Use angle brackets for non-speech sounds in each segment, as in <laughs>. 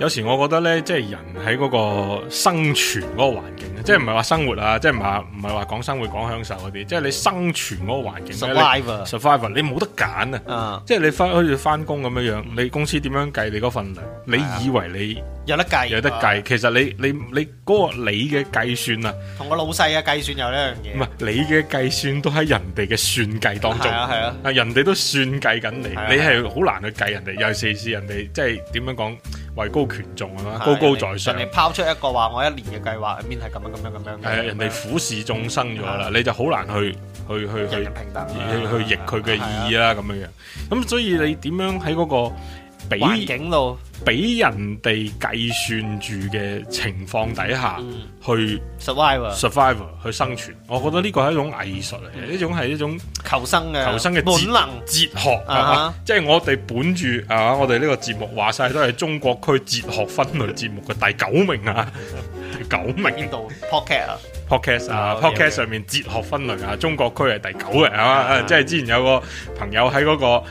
有時我覺得咧，即係人喺嗰個生存嗰個環境咧、嗯，即係唔係話生活啊，即係唔係唔係話講生活講享受嗰啲、嗯，即係你生存嗰個環境 survive survive 你冇得揀啊！嗯、即係你翻好似翻工咁樣樣，你公司點樣計你嗰份糧？你以為你有得計？有得計，有得計？其實你你你嗰、嗰個你嘅計算啊，同個老細嘅計算有呢樣嘢。唔係你嘅計算都喺人哋嘅算計當中、嗯、啊！啊！人哋都算計緊你，係啊係啊、你係好難去計人哋，又試試人哋即係點樣講。位高,高權重高高在上。人哋拋出一個話我一年嘅計劃，面係咁樣咁樣咁樣係啊，人哋俯視眾生咗啦，你就好難去去去人人去去,去逆佢嘅意義啦咁樣樣。咁所以你點樣喺嗰、那個？環境囉，俾人哋計算住嘅情況底下，嗯嗯、去 survive survive 去生存。我覺得呢個係一種藝術嚟嘅，呢種係一種求生嘅求生嘅本能哲學、uh -huh，啊！即係我哋本住啊，我哋呢個節目話晒都係中國區哲學分類節目嘅第九名啊！ <laughs> 第九名度 Podcast 啊 Podcast 啊 Podcast 上面哲學分類啊，嗯、中國區係第九嘅係嘛？即係之前有個朋友喺嗰、嗰個誒，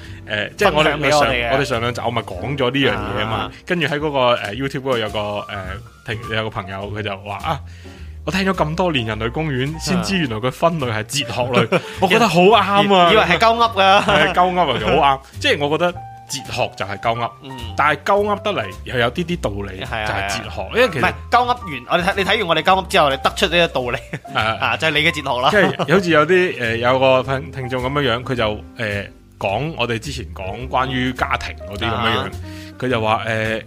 即、呃、係我哋、呃、上我哋上兩集我咪講咗呢樣嘢啊嘛，跟住喺嗰個誒、呃、YouTube 嗰度有個誒、呃、聽有個朋友佢就話啊，我聽咗咁多年人類公園，先、嗯、知原來佢分類係哲學類， <laughs> 我覺得好啱啊，以， <laughs> 以為係鳩噏㗎，係鳩噏嚟，好啱，很 <laughs> 即係我覺得。哲學就係鳩噏，但係鳩噏得嚟係有啲啲道理，就係哲學、嗯。因為其實唔係鳩噏完，我哋睇你睇完我哋鳩噏之後，你得出呢個道理。啊、嗯、 <laughs> 就係你嘅哲學啦。即係好似有啲誒、呃，有個聽聽眾咁樣樣，佢就誒講、呃、我哋之前講關於家庭嗰啲咁樣樣，佢、嗯啊、就話誒，佢、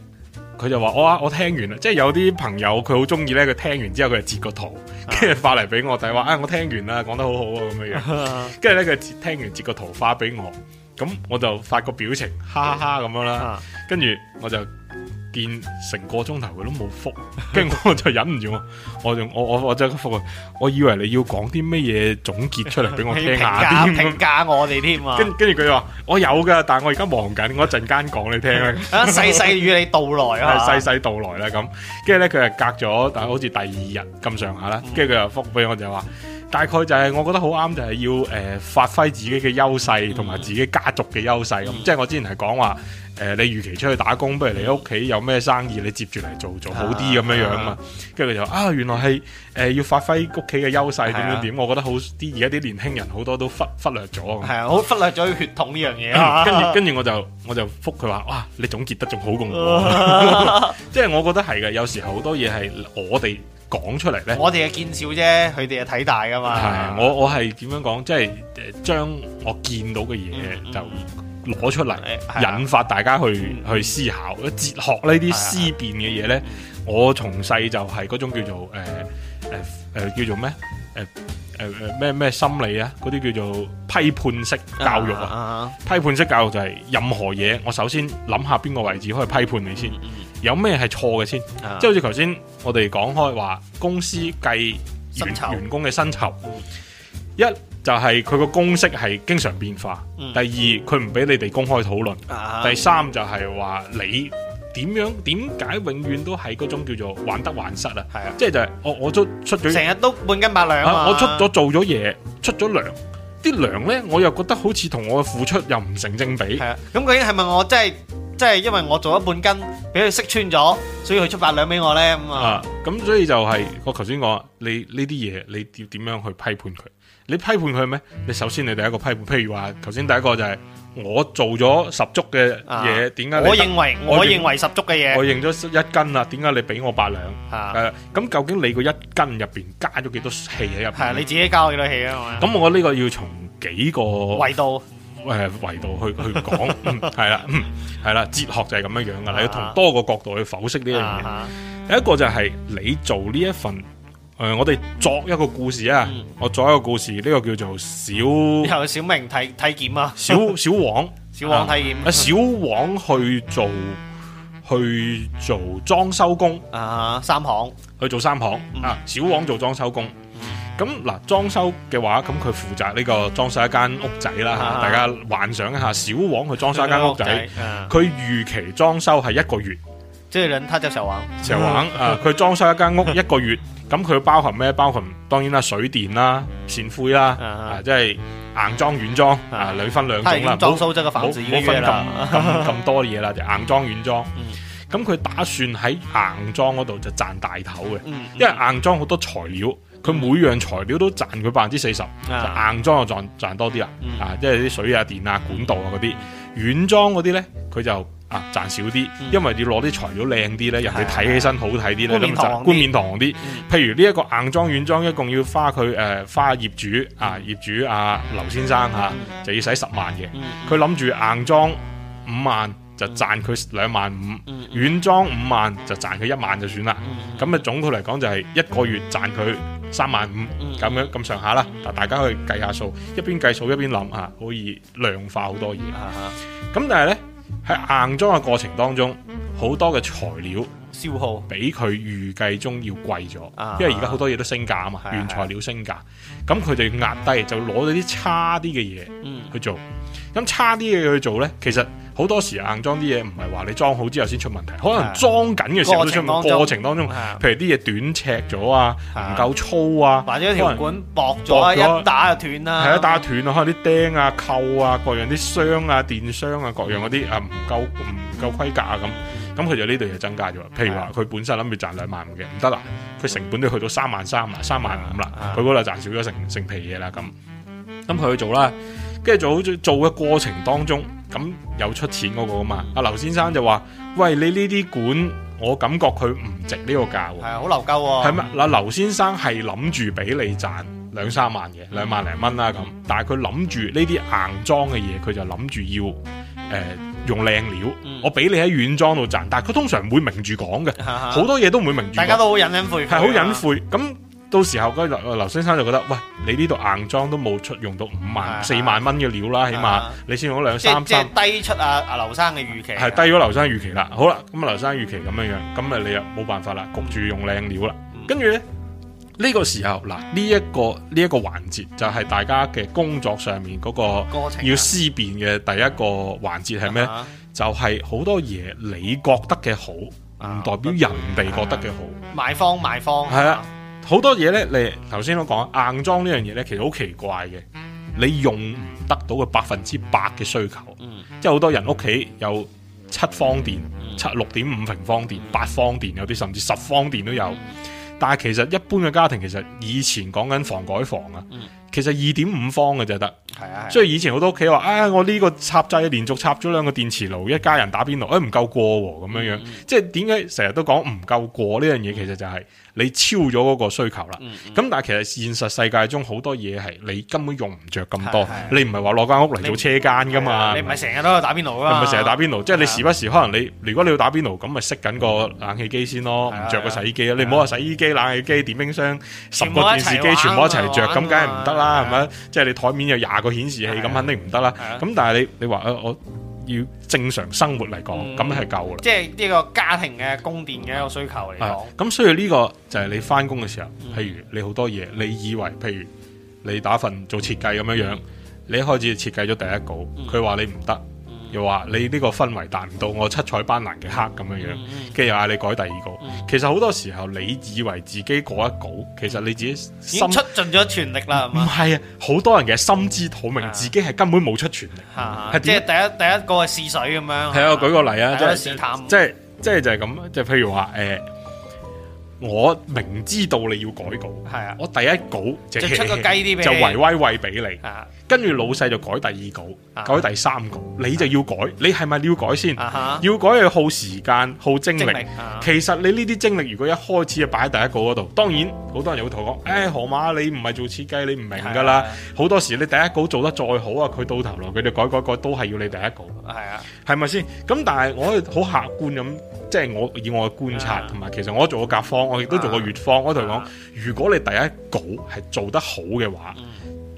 呃、就話我啊，我聽完啦，即係有啲朋友佢好中意咧，佢聽完之後佢截個圖，跟、嗯、住發嚟俾我，就話啊，我聽完啦，講得好好啊，咁樣樣。跟住咧，佢聽完截個圖發俾我。咁我就發個表情，哈哈哈咁樣啦，跟住我就見成個鐘頭佢都冇覆，跟 <laughs> 住我就忍唔住我，我就我我我就覆佢，我以為你要講啲咩嘢總結出嚟俾我聽一下添，評 <laughs> 價我哋添啊！跟跟住佢話我有噶，但係我而家忙緊，我一陣間講你聽啊！細細與你道來啊！細細道來啦，咁跟住咧佢係隔咗，但、嗯、係好似第二日咁上下啦，跟住佢又覆俾，我就話。大概就係我覺得好啱，就係要誒發揮自己嘅優勢，同埋自己家族嘅優勢咁。即係我之前係講話，誒、呃、你與其出去打工，不如你屋企有咩生意，你接住嚟，做做好啲咁樣樣啊。跟住佢就啊，原來係誒、呃、要發揮屋企嘅優勢點樣點樣。我覺得好啲而家啲年輕人好多都忽忽略咗，係啊，好忽略咗血統呢樣嘢啊。跟住跟住我就我就復佢話，哇、啊，你總結得仲好過我。啊、 <laughs> 即係我覺得係嘅，有時候好多嘢係我哋。講出嚟咧，我哋嘅見少啫，佢哋嘅睇大㗎嘛。係、啊啊、我我係點樣講，即係將我見到嘅嘢，嗯嗯、就攞出嚟，嗯啊，引發大家去，嗯、去思考。哲學這些呢啲思辨嘅嘢咧，我從細就係嗰種叫做誒誒誒叫做咩誒誒咩咩心理啊，嗰啲叫做批判式教育啊。啊，批判式教育就係任何嘢，我首先諗下邊個位置可以批判你先，嗯嗯、有咩係錯嘅先，即，啊、係好似頭先。我哋講開話公司計員，員工嘅薪酬，一就係佢個公式係經常變化，嗯、第二佢唔俾你哋公開討論，啊、第三就係話你點樣點解永遠都係嗰種叫做患得患失啊！係啊，即係就係、是、我我都出咗，成日都半斤八兩、啊、我出咗做咗嘢，出咗糧，啲糧咧我又覺得好似同我嘅付出又唔成正比，係啊，咁究竟係咪我真係？即係因為我做咗半斤俾佢識穿咗，所以佢出八兩俾我咧咁、嗯、啊。咁所以就係、是、我頭先講，你呢啲嘢你要點樣去批判佢？你批判佢咩？你首先你第一個批判，譬如話頭先第一個就係、是嗯、我做咗十足嘅嘢，點、啊、解？我認為我認為十足嘅嘢，我認咗一斤啦，點解你俾我八兩？咁、啊啊、究竟你個一斤入邊加咗幾多氣喺入面、啊？你自己加幾多氣啊，咁我呢個要從幾個維度。誒，維度去去講，係 <laughs> 啦、嗯，係啦，哲學就係咁樣樣噶、啊，你要同多個角度去剖析呢樣嘢。第、啊啊、一個就係你做呢一份誒、呃，我哋作一個故事啊、嗯，我作一個故事，呢、這個叫做小，以後小明體體檢啊，小小王， <laughs> 小王體檢、啊，小王去做去做裝修工啊，三行去做三行、嗯、啊，小王做裝修工。咁嗱，裝修嘅話，咁佢負責呢、這個裝修一間屋仔啦，吓、啊、大家幻想一下，小王去裝修一間屋仔，佢、啊、預、啊、期裝修係一個月。即、這、係、個、人他叫小王，小王、嗯、啊，佢 <laughs> 裝修一間屋一個月，咁佢包含咩？包含當然啦，水電啦、扇灰啦，即係硬裝軟裝啊，啊就是、裝裝啊分兩種啦。裝修即個房子個，冇分咁咁咁多嘢啦，就是、硬裝軟裝。咁、嗯、佢打算喺硬裝嗰度就賺大頭嘅、嗯嗯，因為硬裝好多材料。佢每樣材料都賺佢百分之四十，就硬裝就賺賺多啲啦，啊，即係啲水啊、電啊、管道啊嗰啲，軟裝嗰啲呢，佢就啊賺少啲，因為要攞啲材料靚啲呢，人哋睇起身好睇啲呢，冠冕堂皇啲。譬、呃、如呢一個硬裝軟裝一共要花佢誒、呃、花業主啊業主啊，劉先生吓就要使十萬嘅，佢諗住硬裝五萬。嗯嗯就賺佢兩萬五，軟裝五萬就賺佢一萬就算啦。咁啊，總括嚟講就係一個月賺佢三萬五咁樣咁上下啦。大家去計下數，一邊計數一邊諗，可以量化好多嘢。咁、啊、但係呢，喺硬裝嘅過程當中，好多嘅材料消耗比佢預計中要貴咗，因為而家好多嘢都升價啊嘛，原材料升價。咁佢哋要壓低就攞咗啲差啲嘅嘢去做，咁差啲嘢去做呢，其實。好多時硬裝啲嘢，唔係話你裝好之後先出問題，啊、可能裝緊嘅時候都出過。過程當中，當中啊、譬如啲嘢短尺咗啊，唔夠粗啊，或者條管薄咗，一打就斷啦。係啊，打斷啊，可能啲釘啊、扣啊，各樣啲箱啊、電箱啊，各樣嗰啲啊唔夠唔夠規格啊咁。咁佢、嗯、就呢度就增加咗、嗯，譬如話佢本身諗住賺兩萬嘅，唔得啦，佢、嗯、成本都去到三萬三啦，三萬五啦，佢嗰度賺少咗成成皮嘢啦咁。咁佢、嗯、去做啦，跟、嗯、住做好做嘅過程當中。咁有出錢嗰個嘛？阿劉先生就話：，喂，你呢啲管，我感覺佢唔值呢個價。係啊，好流鳩。係咩？嗱，劉先生係諗住俾你賺兩三萬嘢，兩萬零蚊啦。咁，但係佢諗住呢啲硬裝嘅嘢，佢就諗住要，誒、呃，用靚料。我俾你喺軟裝度賺，但係佢通常唔會明住講嘅，好多嘢都唔會明住。大家都好隱隱晦晦，係好隱晦。咁。啊到時候嗰劉先生就覺得，喂，你呢度硬裝都冇出用到五萬、啊、四萬蚊嘅料啦，起碼、啊、你先用咗兩三三，即低出阿阿劉生嘅預期，係、啊、低咗劉生預期啦、嗯。好啦，咁阿劉生預期咁樣樣，咁咪你又冇辦法啦，焗住用靚料啦。跟住咧，呢、呢個時候嗱，呢、呢、一個呢一、呢個環節就係大家嘅工作上面嗰個要思辨嘅第一個環節係咩、啊？就係、是、好多嘢你覺得嘅好，唔、啊、代表人哋覺得嘅好、啊，買方買方係啊。好多嘢咧，你頭先都講硬裝呢樣嘢咧，其實好奇怪嘅。你用唔得到嘅百分之百嘅需求，即係好多人屋企有七方電、七六點五平方電、八方電，有啲甚至十方電都有。但係其實一般嘅家庭，其實以前講緊房改房啊，其實二點五方嘅就得。係啊，啊，所以以前好多屋企話，啊、哎、我呢個插掣連續插咗兩個電磁爐，一家人打邊爐，誒唔夠過咁、哦、樣樣、嗯，即係點解成日都講唔夠過呢樣嘢？其實就係你超咗嗰個需求啦。咁、嗯、但係其實現實世界中好多嘢係你根本用唔着咁多，啊啊、你唔係話攞間屋嚟做車間噶嘛？你唔係成日都有打邊爐噶，唔係成日打邊爐、啊，即係你時不時可能你如果你要打邊爐，咁咪熄緊個冷氣機先咯，唔着個洗衣機啊，你唔好話洗衣機、啊、冷氣機、電冰箱十個電視機全部一齊着，咁梗係唔得啦，係咪、啊？即係、啊就是、你台面有廿個顯示器咁肯定唔得啦，咁、啊啊、但係你你話誒，我要正常生活嚟講，咁係夠噶啦，即係呢個家庭嘅供電嘅一個需求嚟講、啊。咁、啊、所以呢個就係你翻工嘅時候、嗯，譬如你好多嘢，你以為譬如你打份做設計咁樣樣、嗯，你一開始設計咗第一稿，佢話你唔得。嗯嗯又話你呢個氛圍達唔到我七彩斑斕嘅黑咁樣樣，跟、嗯、住又嗌你改第二稿、嗯。其實好多時候，你以為自己改一稿、嗯，其實你自己已經出盡咗全力啦。唔係啊，好多人嘅心知肚明，嗯、自己係根本冇出全力，啊、即係第一第一個係試水咁樣。係啊，我舉個例啊，即係即係就係、係、咁、就係，就係就係就係、譬如話誒、欸，我明知道你要改稿，係啊，我第一稿就，就出個雞啲俾，就維威喂俾你。跟住老細就改第二稿，改第三稿，你就要改，你係咪要改先？要改要耗時間、耗精力。其實你呢啲精力，如果一開始就擺喺第一稿嗰度，當然好多人又會同我講，誒，河馬，你唔係做設計，你唔明噶啦。好多時你第一稿做得再好啊，佢到頭來佢哋改改改都係要你第一稿。係啊，係咪先？咁但係我好客觀咁，即係我以我嘅觀察，同埋其實我做過甲方，我亦都做過乙方。我同你講，如果你第一稿係做得好嘅話，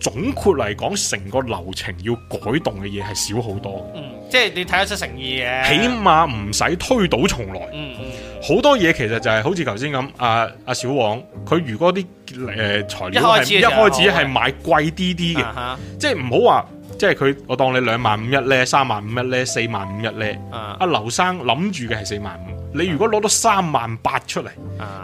總括嚟講，成個流程要改動嘅嘢係少好多，嗯，即係你睇得出誠意嘅，起碼唔使推倒重來，嗯，好、嗯、多嘢其實就係、是、好似頭先咁，阿、啊、阿、啊、小王佢如果啲誒、呃、材料係一開始係買貴啲啲嘅，即係唔好話即係佢，我當你兩萬五一咧，三萬五一咧，四萬五一咧，阿、嗯、劉、啊、生諗住嘅係四萬五。你如果攞到三萬八出嚟，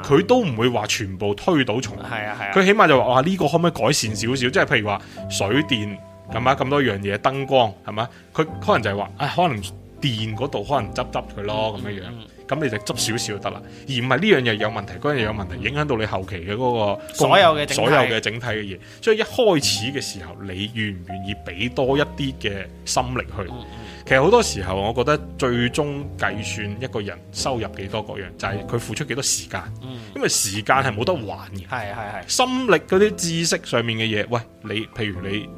佢、嗯、都唔會話全部推倒重。佢、啊啊、起碼就話：呢、呢個可唔可以改善少少？即係譬如話水電，咁啊咁多樣嘢，燈光係咪？佢可能就係話、哎：，可能電嗰度可能執執佢咯咁樣、嗯、樣。咁你就執少少就得啦，而唔係呢樣嘢有問題，嗰樣嘢有問題、嗯，影響到你後期嘅嗰、嗰個、嗰個、所有嘅整體嘅嘢。所以一開始嘅時候，你願唔願意俾多一啲嘅心力去？嗯其實好多時候，我覺得最終計算一個人收入幾多，個樣就係佢付出幾多時間，嗯、因為時間係冇得還嘅。係係係。心力嗰啲知識上面嘅嘢，喂，你譬如你。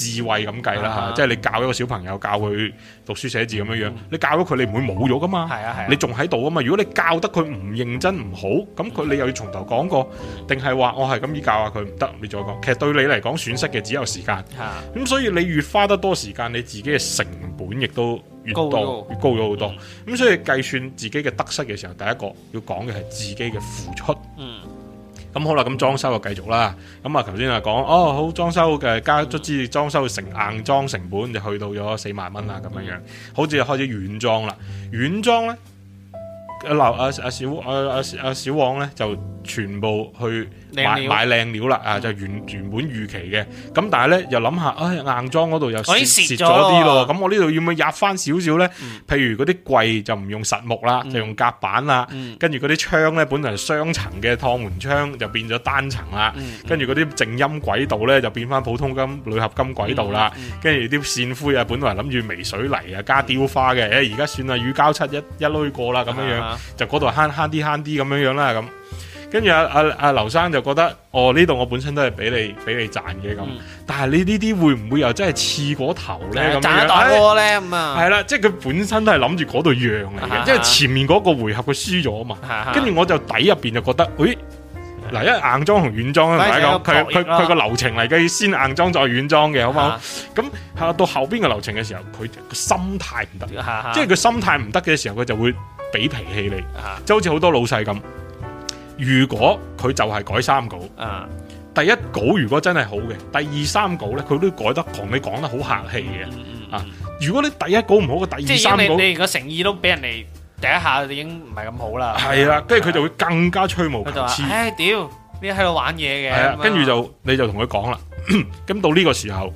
智慧咁計啦吓，即係你教一個小朋友，教佢讀書寫字咁樣樣，嗯,你教咗佢，你唔會冇咗噶嘛，係啊係，啊，你仲喺度啊嘛。如果你教得佢唔認真唔好，咁佢，你又要從頭講過，定係話我係咁意教下佢唔得，你再講。其實對你嚟講損失嘅只有時間，咁、嗯啊，所以你越花得多時間，你自己嘅成本亦都越多，高越高咗好多。咁、嗯、所以計算自己嘅得失嘅時候，第一個要講嘅係自己嘅付出。嗯咁好啦，咁裝修就繼續啦。咁啊，頭先啊講，哦，好裝修嘅加足之裝修成硬裝成本就去到咗四萬蚊啦，咁樣樣，好似就開始軟裝啦。軟裝咧，阿劉阿阿小阿阿阿小王咧就全部去，買買靚料啦、嗯，啊就原原本預期嘅，咁但係咧又諗下，唉、哎、硬裝嗰度又蝕蝕咗啲咯，咁我，我要要呢度要唔要壓翻少少咧？譬如嗰啲櫃就唔用實木啦，嗯，就用夾板啦，跟住嗰啲窗咧本來係雙層嘅趟門窗就變咗單層啦，跟住嗰啲靜音軌道咧就變翻普通金鋁合金軌道啦，跟住啲扇灰啊本來諗住微水泥啊加雕花嘅，誒而家算啦，乳膠漆一一攞過啦，咁樣、啊、就樣就嗰度慳慳啲慳啲咁樣樣啦，咁。跟住阿阿阿劉生就覺得，哦，呢度我本身都係俾你俾你賺嘅咁，但係你呢啲會唔會又真係刺過頭咧？賺得多呢？咁啊？係啦、哎嗯，即係佢本身都係諗住嗰度讓嚟嘅，即係、就是、前面嗰個回合佢輸咗啊嘛。跟住我就底入邊就覺得，誒，嗱，因為硬裝同軟裝啊，大家佢佢個流程嚟嘅，先硬裝再軟裝嘅，好唔好？咁到後邊嘅流程嘅時候，佢個心態唔得，即係佢心態唔得嘅時候，佢就會俾脾氣你，即係好似好多老細咁。如果佢就係改三稿，第一稿如果真係好嘅，第二三稿咧佢都改得同你講得好客氣嘅。啊，如果你第一稿唔好嘅，第二三稿你個誠意都俾人哋第一下已經唔係咁好啦。係啊，跟住佢就會更加吹毛求疵。唉，屌，你喺度玩嘢嘅。係啊，跟住就你就同佢講啦。咁到呢個時候，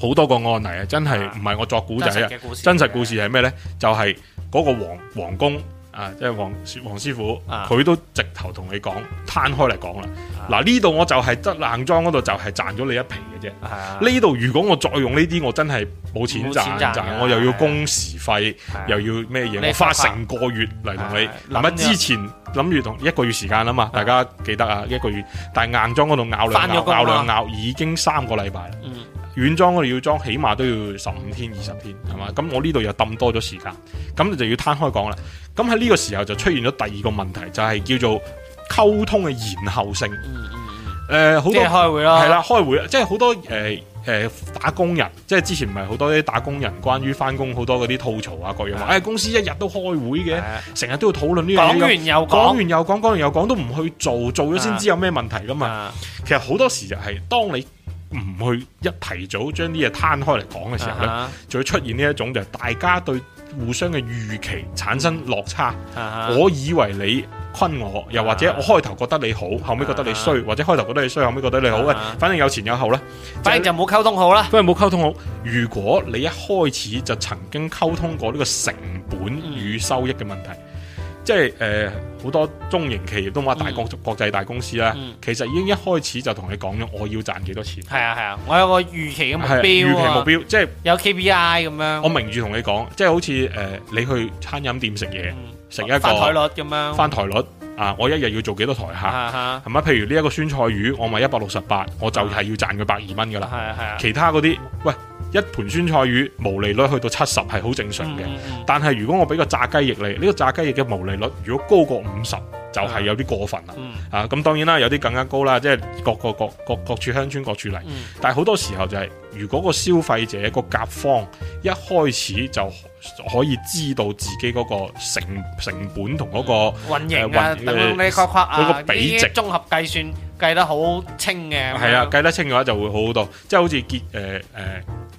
好多個案例啊，真係唔係我作古仔啊。真實故事係咩咧？就係嗰個皇皇宮。啊！即係黃黃師傅，佢、啊、都直頭同你講，攤開嚟講啦。嗱，呢度我就係得硬裝嗰度就係賺咗你一皮嘅啫。呢、啊、度如果我再用呢啲，我真係冇錢賺錢賺。我又要工時費，啊、又要咩嘢？我花成個月嚟同你。嗱，之前諗住同一個月時間啊嘛，大家記得啊，一個月。但係硬裝嗰度咬兩咬兩咬，咬，咬，咬已經三個禮拜啦。嗯軟裝我哋要裝起碼都要十五天二十天係嘛？咁、嗯、我呢度又抌多咗時間，咁你就要攤開講啦。咁喺呢個時候就出現咗第二個問題，就係、是、叫做溝通嘅延後性。嗯嗯嗯。誒、呃，好多開會啦係啦，開會，即係好多誒誒、呃、打工人，即係之前唔係好多啲打工人關於翻工好多嗰啲吐槽啊各樣話，誒公司一日都開會嘅，成日都要討論呢樣。講完又講，講完又講，講完又講，都唔去做，做咗先知有咩問題噶嘛。其實好多時就係、是、當你。唔去一提早將啲嘢攤開嚟講嘅時候咧，就、uh -huh. 會出現呢一種就係大家對互相嘅預期產生落差。Uh -huh. 我以為你坤我，又或者我開頭覺得你好，uh -huh. 後尾覺得你衰，或者開頭覺得你衰，後尾覺得你好嘅，uh -huh. 反正有前有後啦，反正就冇溝通好啦。反正冇溝通好。如果你一開始就曾經溝通過呢個成本與收益嘅問題。即係誒，好、呃、多中型企業都冇乜大國、嗯、國際大公司啦、嗯。其實已經一開始就同你講咗，我要賺幾多錢。係啊係啊，我有個預期嘅目、啊啊、目標。預期目標即係有 KPI 咁樣。我明住同你講，即係好似誒、呃，你去餐飲店食嘢，食、嗯、一個翻台率咁樣。翻台率，翻台率啊，我一日要做幾多台客？係咪、啊？譬如呢一個酸菜魚，我咪一百六十八，我就係要賺佢百二蚊噶啦。係啊係啊，其他嗰啲喂。一盆酸菜魚毛利率去到七十係好正常嘅、嗯嗯，但係如果我俾個炸雞翼你，呢、這個炸雞翼嘅毛利率如果高過五十，就係有啲過分啦、嗯嗯。啊，咁當然啦，有啲更加高啦，即係各各各各各，各各處鄉村各處例、嗯。但係好多時候就係、是，如果個消費者一個甲方一開始就可以知道自己嗰個成成本同嗰、那個運營啊，嗰、uh, 啊那個比值綜合計算計得好清嘅，係啊，計得清嘅話就會好好多，即係好似結誒誒。呃呃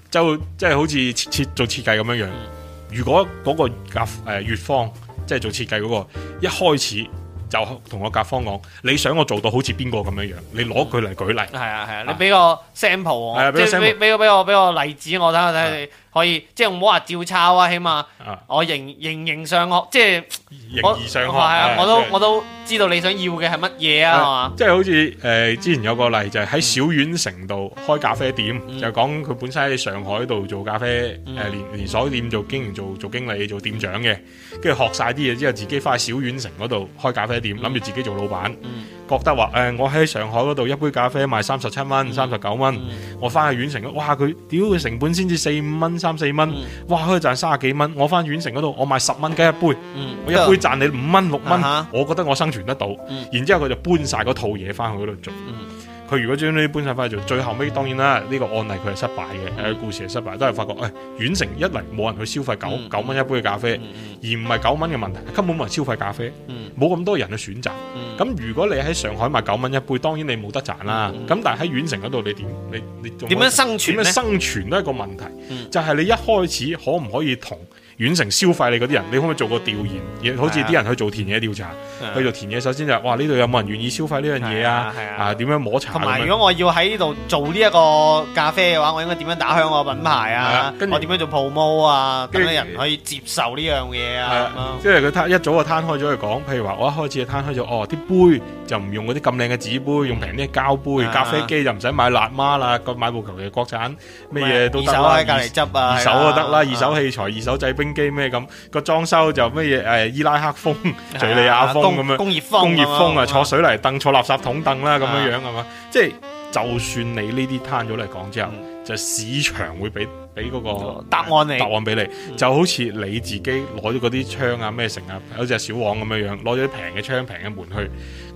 就即係好似設做設計咁樣樣、嗯，如果嗰個甲、誒、乙方即係、就是、做設計嗰個，一開始就同我甲方講，你想我做到好似邊個咁樣樣，嗯、你攞佢嚟舉例。係啊係啊，你俾個 sample，即係俾個俾我俾個、啊啊、例子，我睇睇你。可以即係唔好話照抄啊，起碼，我形形形上學，即係形而上學。係啊，我都、就是、我都知道你想要嘅係乜嘢啊、就是、是即係好似誒、呃、之前有個例子就係、是、喺小縣城度開咖啡店，嗯、就講佢本身喺上海度做咖啡誒、嗯、連連鎖店做經營做做經理、做店長嘅，跟住學晒啲嘢之後自己翻去小縣城嗰度開咖啡店，諗、嗯、住自己做老闆、嗯，覺得話誒、呃、我喺上海嗰度一杯咖啡賣三十七蚊、三十九蚊，我翻去縣城哇佢屌佢成本先至四五蚊。三,三四蚊、嗯，哇！佢賺三十幾蚊。我翻遠城嗰度，我賣十蚊雞一杯、嗯，我一杯賺你五蚊六蚊、嗯，我覺得我生存得到。嗯、然之後佢就搬晒嗰套嘢翻去嗰度做。嗯嗯佢如果將呢啲搬晒翻去做，最後尾當然啦，呢、這個案例佢係失敗嘅、嗯，故事係失敗，都係發覺誒、哎、縣城一嚟冇人去消費九九蚊一杯嘅咖啡，嗯、而唔係九蚊嘅問題，根本冇人消費咖啡，冇、嗯、咁多人去選擇。咁、嗯、如果你喺上海賣九蚊一杯，當然你冇得賺啦。咁、嗯嗯、但係喺縣城嗰度，你點？你你點點樣生存點點樣生存都係一個問題，就係、是、你一開始可唔可以同？遠程消費你嗰啲人，你可唔可以做個調研？好似啲人去做田野調查、啊，去做田野。首先就係，哇！呢度有冇人願意消費呢樣嘢啊？啊，點樣摸查？同埋，如果我要喺呢度做呢一個咖啡嘅話，我應該點樣打響我品牌啊？啊，跟我點樣做 promo 啊？點樣人可以接受呢樣嘢啊？即係佢攤一早就攤開咗嚟講，譬如話，我一開始就攤開咗，哦，啲杯就唔用嗰啲咁靚嘅紙杯，用平啲嘅膠杯、啊。咖啡機就唔使買辣媽啦，個買部求其國產咩嘢都得啦。喺隔離執啊，二手就得啦、啊啊啊，二手器材、二手製冰。機咩，咁個裝修就乜嘢，誒伊拉克風敘、嗯、利亞風咁樣，工業風工業風啊，坐水泥凳，坐垃圾桶凳啦，咁樣、嗯、樣係嘛，即係就算你呢啲攤咗嚟講之後、嗯、就市場會俾俾嗰個、嗯、答案你，答案俾你、嗯、就好似你自己攞咗嗰啲窗啊咩成啊，好似隻小王咁樣樣攞咗啲平嘅窗、平嘅門去，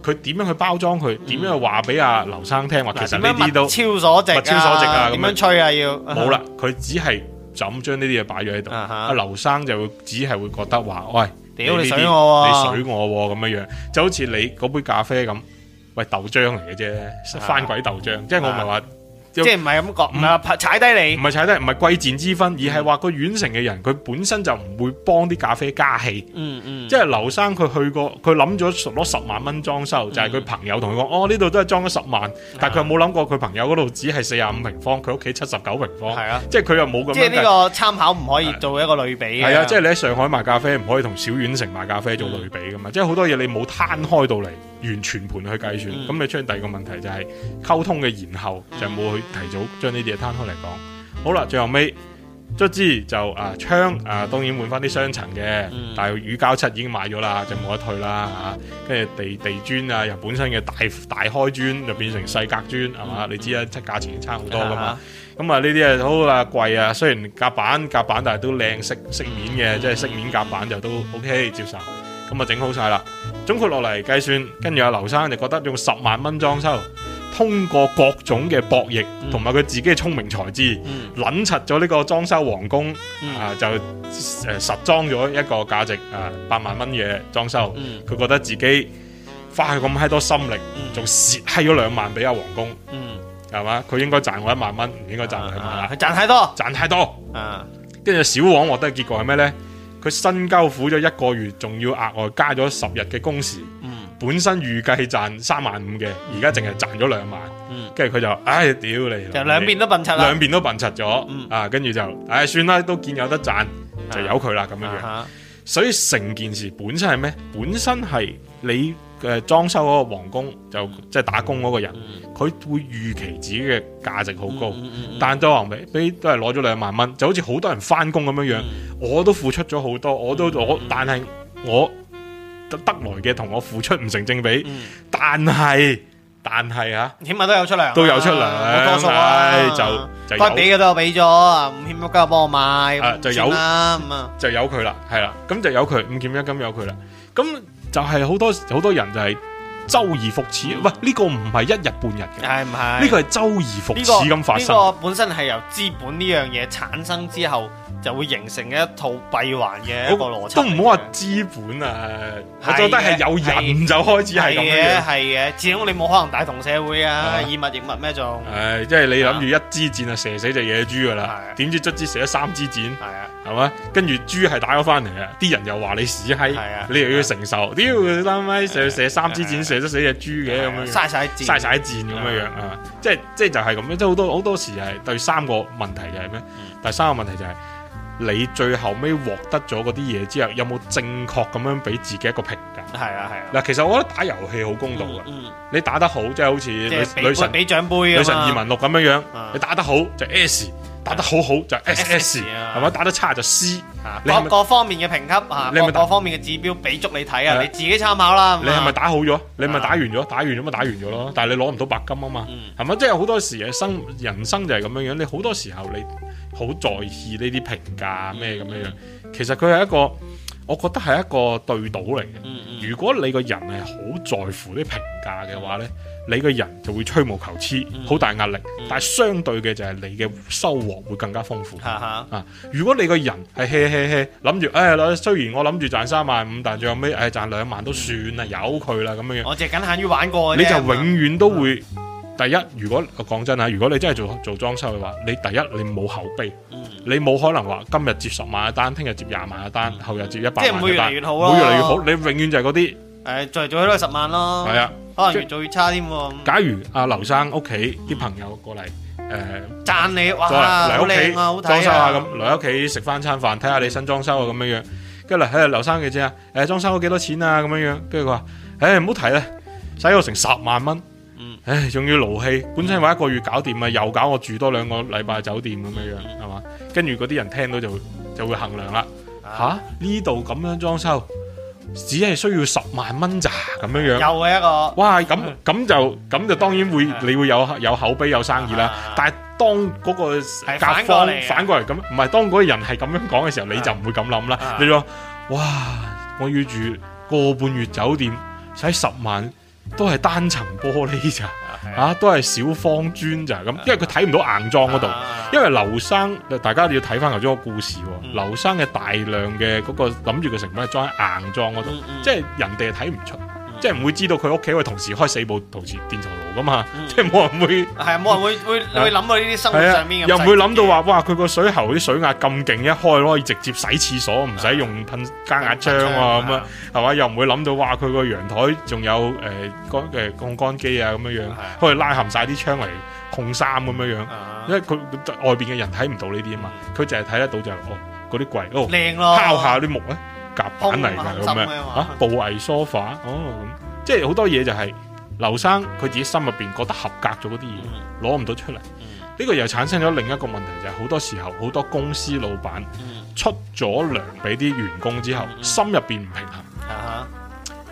佢點樣去包裝佢，點樣話俾阿劉生聽，話其實呢啲都超所值。超所值啊點、啊、樣吹啊，要冇啦，佢只係。就咁將呢啲嘢擺咗喺度，阿、uh -huh. 劉生就會只係會覺得話：喂，屌你水我，你水我咁、啊啊、樣樣，就好似你嗰杯咖啡咁，喂豆漿嚟嘅啫，翻鬼豆漿！即、uh、係 -huh. 我唔係話。即係唔係咁講？唔係踩唔係踩低你？唔係踩低，唔係貴賤之分，而係話個縣城嘅人，佢本身就唔會幫啲咖啡加氣。嗯嗯。即係劉生佢去過，佢諗咗攞十萬蚊裝修，嗯、就係、係、佢朋友同佢講：哦，呢度都係裝咗十萬。但係佢又冇諗過佢朋友嗰度只係四十五平方，佢屋企七十九平方。係啊。即係佢又冇咁。即係呢個參考唔可以做一個類比嘅。係啊，係啊，係啊，即係你喺上海賣咖啡唔可以同小縣城賣咖啡做類比㗎嘛、嗯？即係好多嘢你冇攤開到嚟。完全盤去計算，咁你將第二個問題就係溝通嘅延後，就冇去提早將呢啲嘢攤開嚟講。好啦，最後尾，卒之就啊窗啊，當然換翻啲雙層嘅，但係乳膠漆已經買咗啦，就冇得退啦嚇。跟、啊、住地地磚啊，由本身嘅大大開磚就變成細格磚，係嘛、嗯？你知啊，即係價錢差好多噶嘛。咁啊，呢啲啊好啦，貴啊，雖然夾板夾板，但係都靚色色面嘅、嗯，即係色面夾板就都 O K 接受。咁啊，整好晒啦。總括落嚟，計算，跟住阿劉生就覺得用十萬蚊裝修，通過各種嘅博弈，同埋佢自己嘅聰明才智，撚柒咗呢個裝修皇宮啊、嗯呃，就誒實裝咗一個價值啊八、呃、萬蚊嘢裝修。佢、嗯、覺得自己花咁閪多心力，仲蝕閪咗兩萬俾阿皇宮，係、嗯、嘛？佢應該賺我一萬蚊，唔應該賺兩萬啦。賺、啊啊、太多，賺太多。跟、啊、住小王獲得結果係咩呢？佢辛交苦咗一個月，仲要額外加咗十日嘅工時、嗯，本身預計賺三萬五嘅，而家淨係賺咗兩萬，跟住佢就唉屌你，兩邊都笨柒啦，都笨柒咗，啊跟住就唉、哎、算啦，都見有得賺就由佢啦咁樣樣、啊，所以成件事本身係咩？本身係你。嘅裝修嗰個皇宮就即、是、係打工嗰個人，佢會預期自己嘅價值好高，嗯嗯嗯、但都係俾都係攞咗兩萬蚊，就好似好多人翻工咁樣樣、嗯，我都付出咗好多，我都、嗯嗯、我，但係我得來嘅同我付出唔成正比，嗯、但係但係啊，起碼都有出糧，都有出糧、啊啊哎，就該俾嘅都有俾咗啊，五險一金幫我買，了就有就有佢啦，係啦，咁就有佢，五險一金有佢啦，咁。就係、是、好多好多人就係周而復始，嗯、喂，呢、呢個唔係一日半日嘅，係唔係？呢、呢個係周而復始咁發生。呢、呢個呢個本身係由資本呢樣嘢產生之後。就會形成一套閉環嘅一個邏輯，都唔好話資本啊，我覺得係有人就開始係咁嘅，係嘅。至於我冇可能大同社會啊，以物易物咩仲，誒，即係你諗住一支箭啊射死隻野豬㗎啦，點知卒之射咗三支箭，係啊，係嘛？跟住豬係打咗翻嚟啊，啲人又話你屎閪，你又要承受，屌你媽咪射射三支箭射得死隻豬嘅咁樣，嘥晒箭，嘥晒箭咁樣樣啊，即係即係就係咁樣，即係好多好多時係對三個問題就係咩？第三個問題就係。你最後尾獲得咗嗰啲嘢之後，有冇正確咁樣俾自己一個評價？係啊係啊。嗱、啊，其實我覺得打遊戲好公道嘅、嗯嗯。你打得好，即係好似女神、獎杯、女神二文六咁樣樣、嗯。你打得好就、S，打得好好、嗯、就 SS，係、嗯、打得差就 C 各。各各方面嘅評級，嗯、你咪各方面嘅指標俾足你睇啊、嗯！你自己參考啦。你係咪打好咗、嗯？你咪打完咗？打完咗咪打完咗咯、嗯。但係你攞唔到白金啊嘛，係、嗯、咪？即係好多時生人生就係咁樣樣。嗯、你好多時候你。好在意呢啲評價咩咁樣、嗯嗯？其實佢係一個、嗯，我覺得係一個對賭嚟嘅、嗯嗯。如果你個人係好在乎啲評價嘅話呢、嗯、你個人就會吹毛求疵，好、嗯、大壓力。嗯、但係相對嘅就係你嘅收穫會更加豐富。嗯嗯啊、如果你個人係嘿嘿嘿，諗住誒，雖然我諗住賺三萬五，但最後尾誒賺兩萬都算啦、嗯，由佢啦咁樣。我就僅限於玩過，你就永遠都會。嗯嗯第一，如果講真啊，如果你真係做做裝修嘅話，你第一你冇口碑，你冇、嗯、可能話今日接十萬嘅單，聽日接廿萬嘅單，嗯、後日接一百萬嘅單，即係唔會越嚟越好啊？唔會越嚟越好，你永遠就係嗰啲誒，做嚟做去都係十萬咯。係啊，可能越做越差添、啊。假如阿劉生屋企啲朋友過嚟誒，贊、嗯呃、你哇嚟屋企裝修啊咁，嚟屋企食翻餐飯，睇下你新裝修啊咁樣樣，跟住嚟喺度，劉生嘅啫，啊、哎？誒裝修咗幾多錢啊？咁樣樣，跟住佢話：誒唔好提啦，使咗成十萬蚊。唉，仲要勞氣，本身話一個月搞掂啊、嗯，又搞我住多兩個禮拜酒店咁樣樣，係、嗯、嘛？跟住嗰啲人聽到就會就會衡量啦。吓呢度咁樣裝修，只係需要十萬蚊咋咁樣樣？又係一個。哇，咁咁就咁就當然會、嗯、你會有有口碑有生意啦。嗯、但係當嗰個甲方反過來咁，唔係當嗰個人係咁樣講嘅時候，嗯、你就唔會咁諗啦。嗯、你話哇，我要住個半月酒店，使十萬。都係單層玻璃咋？啊，都係小方磚咋？咁因為佢睇唔到硬裝度，因為劉生，大家要睇翻頭先個故事，劉生嘅大量嘅個諗住嘅成分係裝喺硬裝度，即係人哋係睇唔出。即係唔會知道佢屋企會同時開四部陶瓷電磁爐噶嘛，嗯、即係冇人會係啊，冇、嗯、人會、嗯、你會會諗到呢啲生活上面，又唔會諗到話、嗯、哇佢個水喉啲水壓咁勁一開可以直接洗廁所，唔使用噴加壓槍啊咁啊，係嘛、啊？又唔會諗到話佢個陽台仲有誒乾誒乾乾機啊咁樣樣，佢拉冚曬啲窗嚟，控衫咁樣樣，因為佢外邊嘅人睇唔到呢啲啊嘛，佢淨係睇得到就是、哦嗰啲櫃哦靚咯，敲下啲木咧。夾板嚟㗎咁樣，吓、啊、布藝梳化，哦咁，即係好多嘢就係劉生佢自己心入邊覺得合格咗嗰啲嘢，攞唔到出嚟，呢、嗯這個又產生咗另一個問題就係好多時候好多公司老闆出咗糧俾啲員工之後，嗯、心入邊唔平衡，嗱、嗯、呢、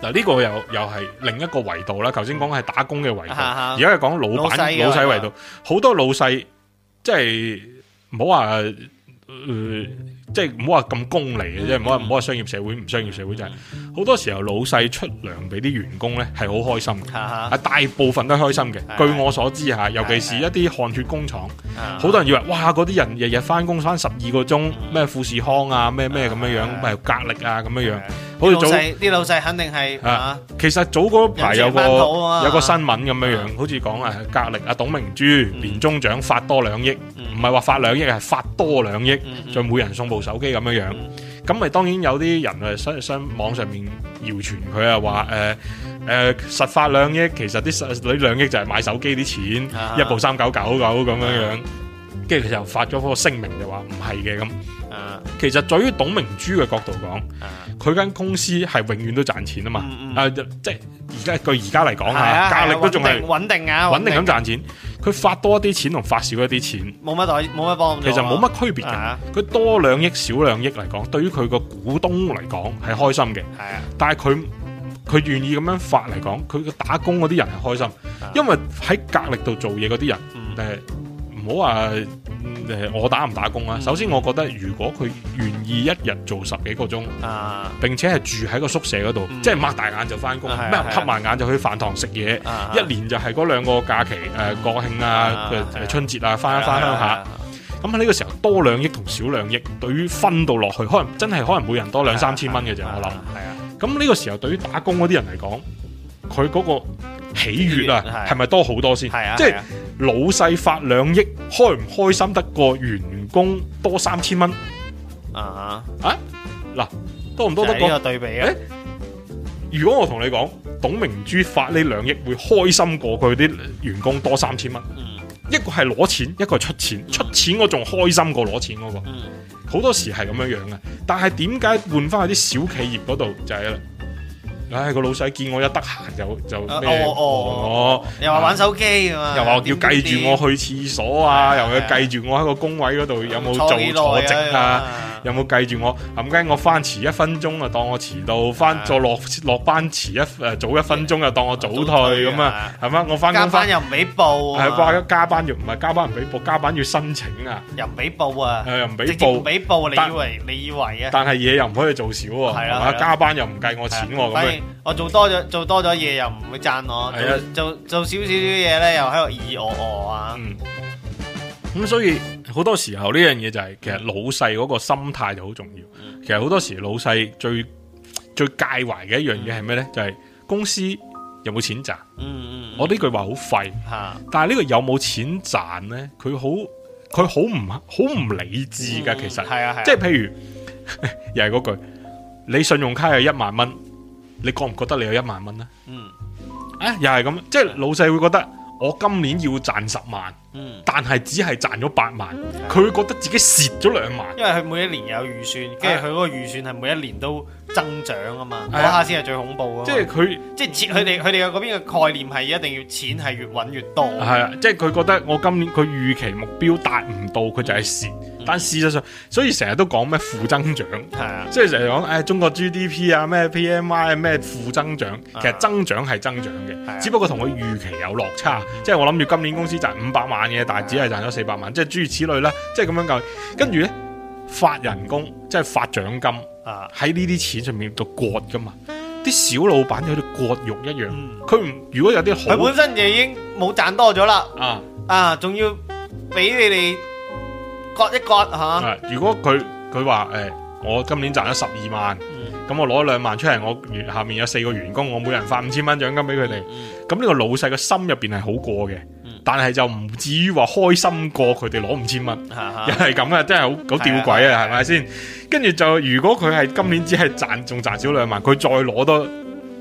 嗯嗯啊、個又又係另一個維度啦。頭先講係打工嘅維度，而家係講老闆老細維、啊、度，好、啊、多老細即係唔好話，誒、嗯。即係唔好話咁功利嘅，即係唔好話唔好話商業社會唔、嗯、商業社會就係好多時候老細出糧俾啲員工咧係好開心嘅，啊大部分都開心嘅、啊。據我所知下，尤其是一啲汗血工廠，好、啊、多人以為哇嗰啲人日日翻工翻十二個鐘，咩、嗯、富士康啊，咩咩咁樣，咩咩格力啊咁樣啊，好似早啲老細肯定係、啊、其實早嗰排有個、啊、有個新聞咁樣、啊、好似講啊格力啊董明珠、嗯、年終獎發多兩億，唔係話發兩億，係發多兩億，嗯、再每人送部手機咁樣樣，咁咪當然有啲人誒，相相網上面謠傳佢啊話實發兩億，其實啲實裏兩億就係買手機啲錢，啊，一部三九九九咁樣樣，跟住佢就發咗個聲明就話唔係嘅咁。其實在於董明珠嘅角度講，佢間、啊、公司係永遠都賺錢啊嘛。誒、嗯嗯啊，即係而家據而家嚟講吓，格力都仲係穩定啊，穩定咁賺錢。佢發多一啲錢同發少一啲錢，冇乜代冇乜幫。其實冇乜區別嘅，佢、啊、多兩億少兩億嚟講，對於佢個股東嚟講係開心嘅。係啊，但係佢佢願意咁樣發嚟講，佢打工嗰啲人係開心，啊、因為喺格力度做嘢嗰啲人誒。嗯唔好話誒，我打唔打工啊？嗯、首先，我覺得如果佢願意一日做十幾個鐘啊，並且係住喺個宿舍嗰度、嗯，即係擘大眼就翻工，咩合埋眼就去飯堂食嘢、啊啊，一年就係嗰兩個假期誒，國、呃、慶啊,啊,啊,啊,啊，春節啊，翻、啊、一翻鄉下。咁喺呢個時候，多兩億同少兩億，對於分到落去，可能真係可能每人多兩三千蚊嘅啫。我諗，咁呢、啊啊、個時候對於打工嗰啲人嚟講。佢嗰個喜悦啊，係咪多好多先？啊、即係、啊、老細發兩億，開唔開心得過員工多三千蚊、uh-huh. 啊？啊嗱，多唔多得、就是、個對比啊、欸？如果我同你講，董明珠發呢兩億會開心過佢啲員工多三千蚊、嗯，一個係攞錢，一個係出錢，出錢我仲開心過攞錢嗰、那個。好、嗯、多時係咁樣樣嘅，但係點解換翻去啲小企業嗰度就係、是、啦？唉、哎，個老細見我一得閒就就咩、啊？哦哦，哦我又話玩手機、啊、又話要計住我去廁所啊，又要計住我喺個工位嗰度有冇做坐直啊。有冇計住我？咁、嗯、跟，我返遲一分鐘啊，當我遲到；返再落落班遲一誒早一分鐘啊，當我早退咁啊。係咪？我返工返又唔俾報。係加班又唔係加班唔俾報，加班，班要申請啊，又啊、呃。又唔俾報啊！又唔俾報，唔俾報你以為你以為啊？但係嘢又唔可以做少喎。係啦、啊，加、啊、班又唔計我錢。反正、啊、我做多咗做多咗嘢又唔會讚我，啊、做做少少啲嘢咧又喺度以我我啊、嗯。咁所以。好多時候呢樣嘢就係，其實老細嗰個心態就好重要、嗯。其實好多時老細最最介懷嘅一樣嘢係咩呢？就係、是，公司有冇錢賺。嗯嗯。我呢句話好廢、啊。但係呢個有冇錢賺呢？佢好佢好唔好唔理智噶。其實係、嗯、啊係。即係、啊、譬如又係嗰句，你信用卡有一萬蚊，你覺唔覺得你有一萬蚊呢？」嗯。啊，又係咁，即係老細會覺得我今年要賺十萬，但係只係賺咗八萬，佢覺得自己蝕咗兩萬。因為佢每一年有預算，跟住佢嗰個預算係每一年都增長啊嘛，嗰下先係最恐怖咯。係啊。即係佢，即係佢哋佢哋嗰邊嘅概念係一定要錢係越搵越多。係啊，即係佢覺得我今年佢預期目標達唔到，佢就係蝕。但事實上，所以成日都講咩負增長，係啊，即係成日講誒中國 GDP 啊，咩 PMI 啊，咩負增長，其實增長係增長嘅、啊，只不過同佢預期有落差。即係、啊就是、我諗住今年公司賺五百萬嘅、啊，但係只係賺咗四百萬，即、就、係、是、諸如此類啦。即係咁樣計，跟住咧發人工，即、就、係、是、發獎金，喺呢啲錢上面度割噶嘛。啲小老闆好似割肉一樣，佢、嗯、唔如果有啲佢本身就已經冇賺多咗啦，啊啊，仲要俾你哋。割一割吓，如果佢佢話誒，我今年賺咗十二萬，咁我攞兩萬出嚟，我下面有四個員工，我每人發五千蚊獎金俾佢哋，咁呢個老細個心入邊係好過嘅，但係就唔至於話開心過佢哋攞五千蚊，是的又係咁啊，真係好好吊詭啊，係咪先？跟住就如果佢係今年只係賺，仲賺少兩萬，佢再攞多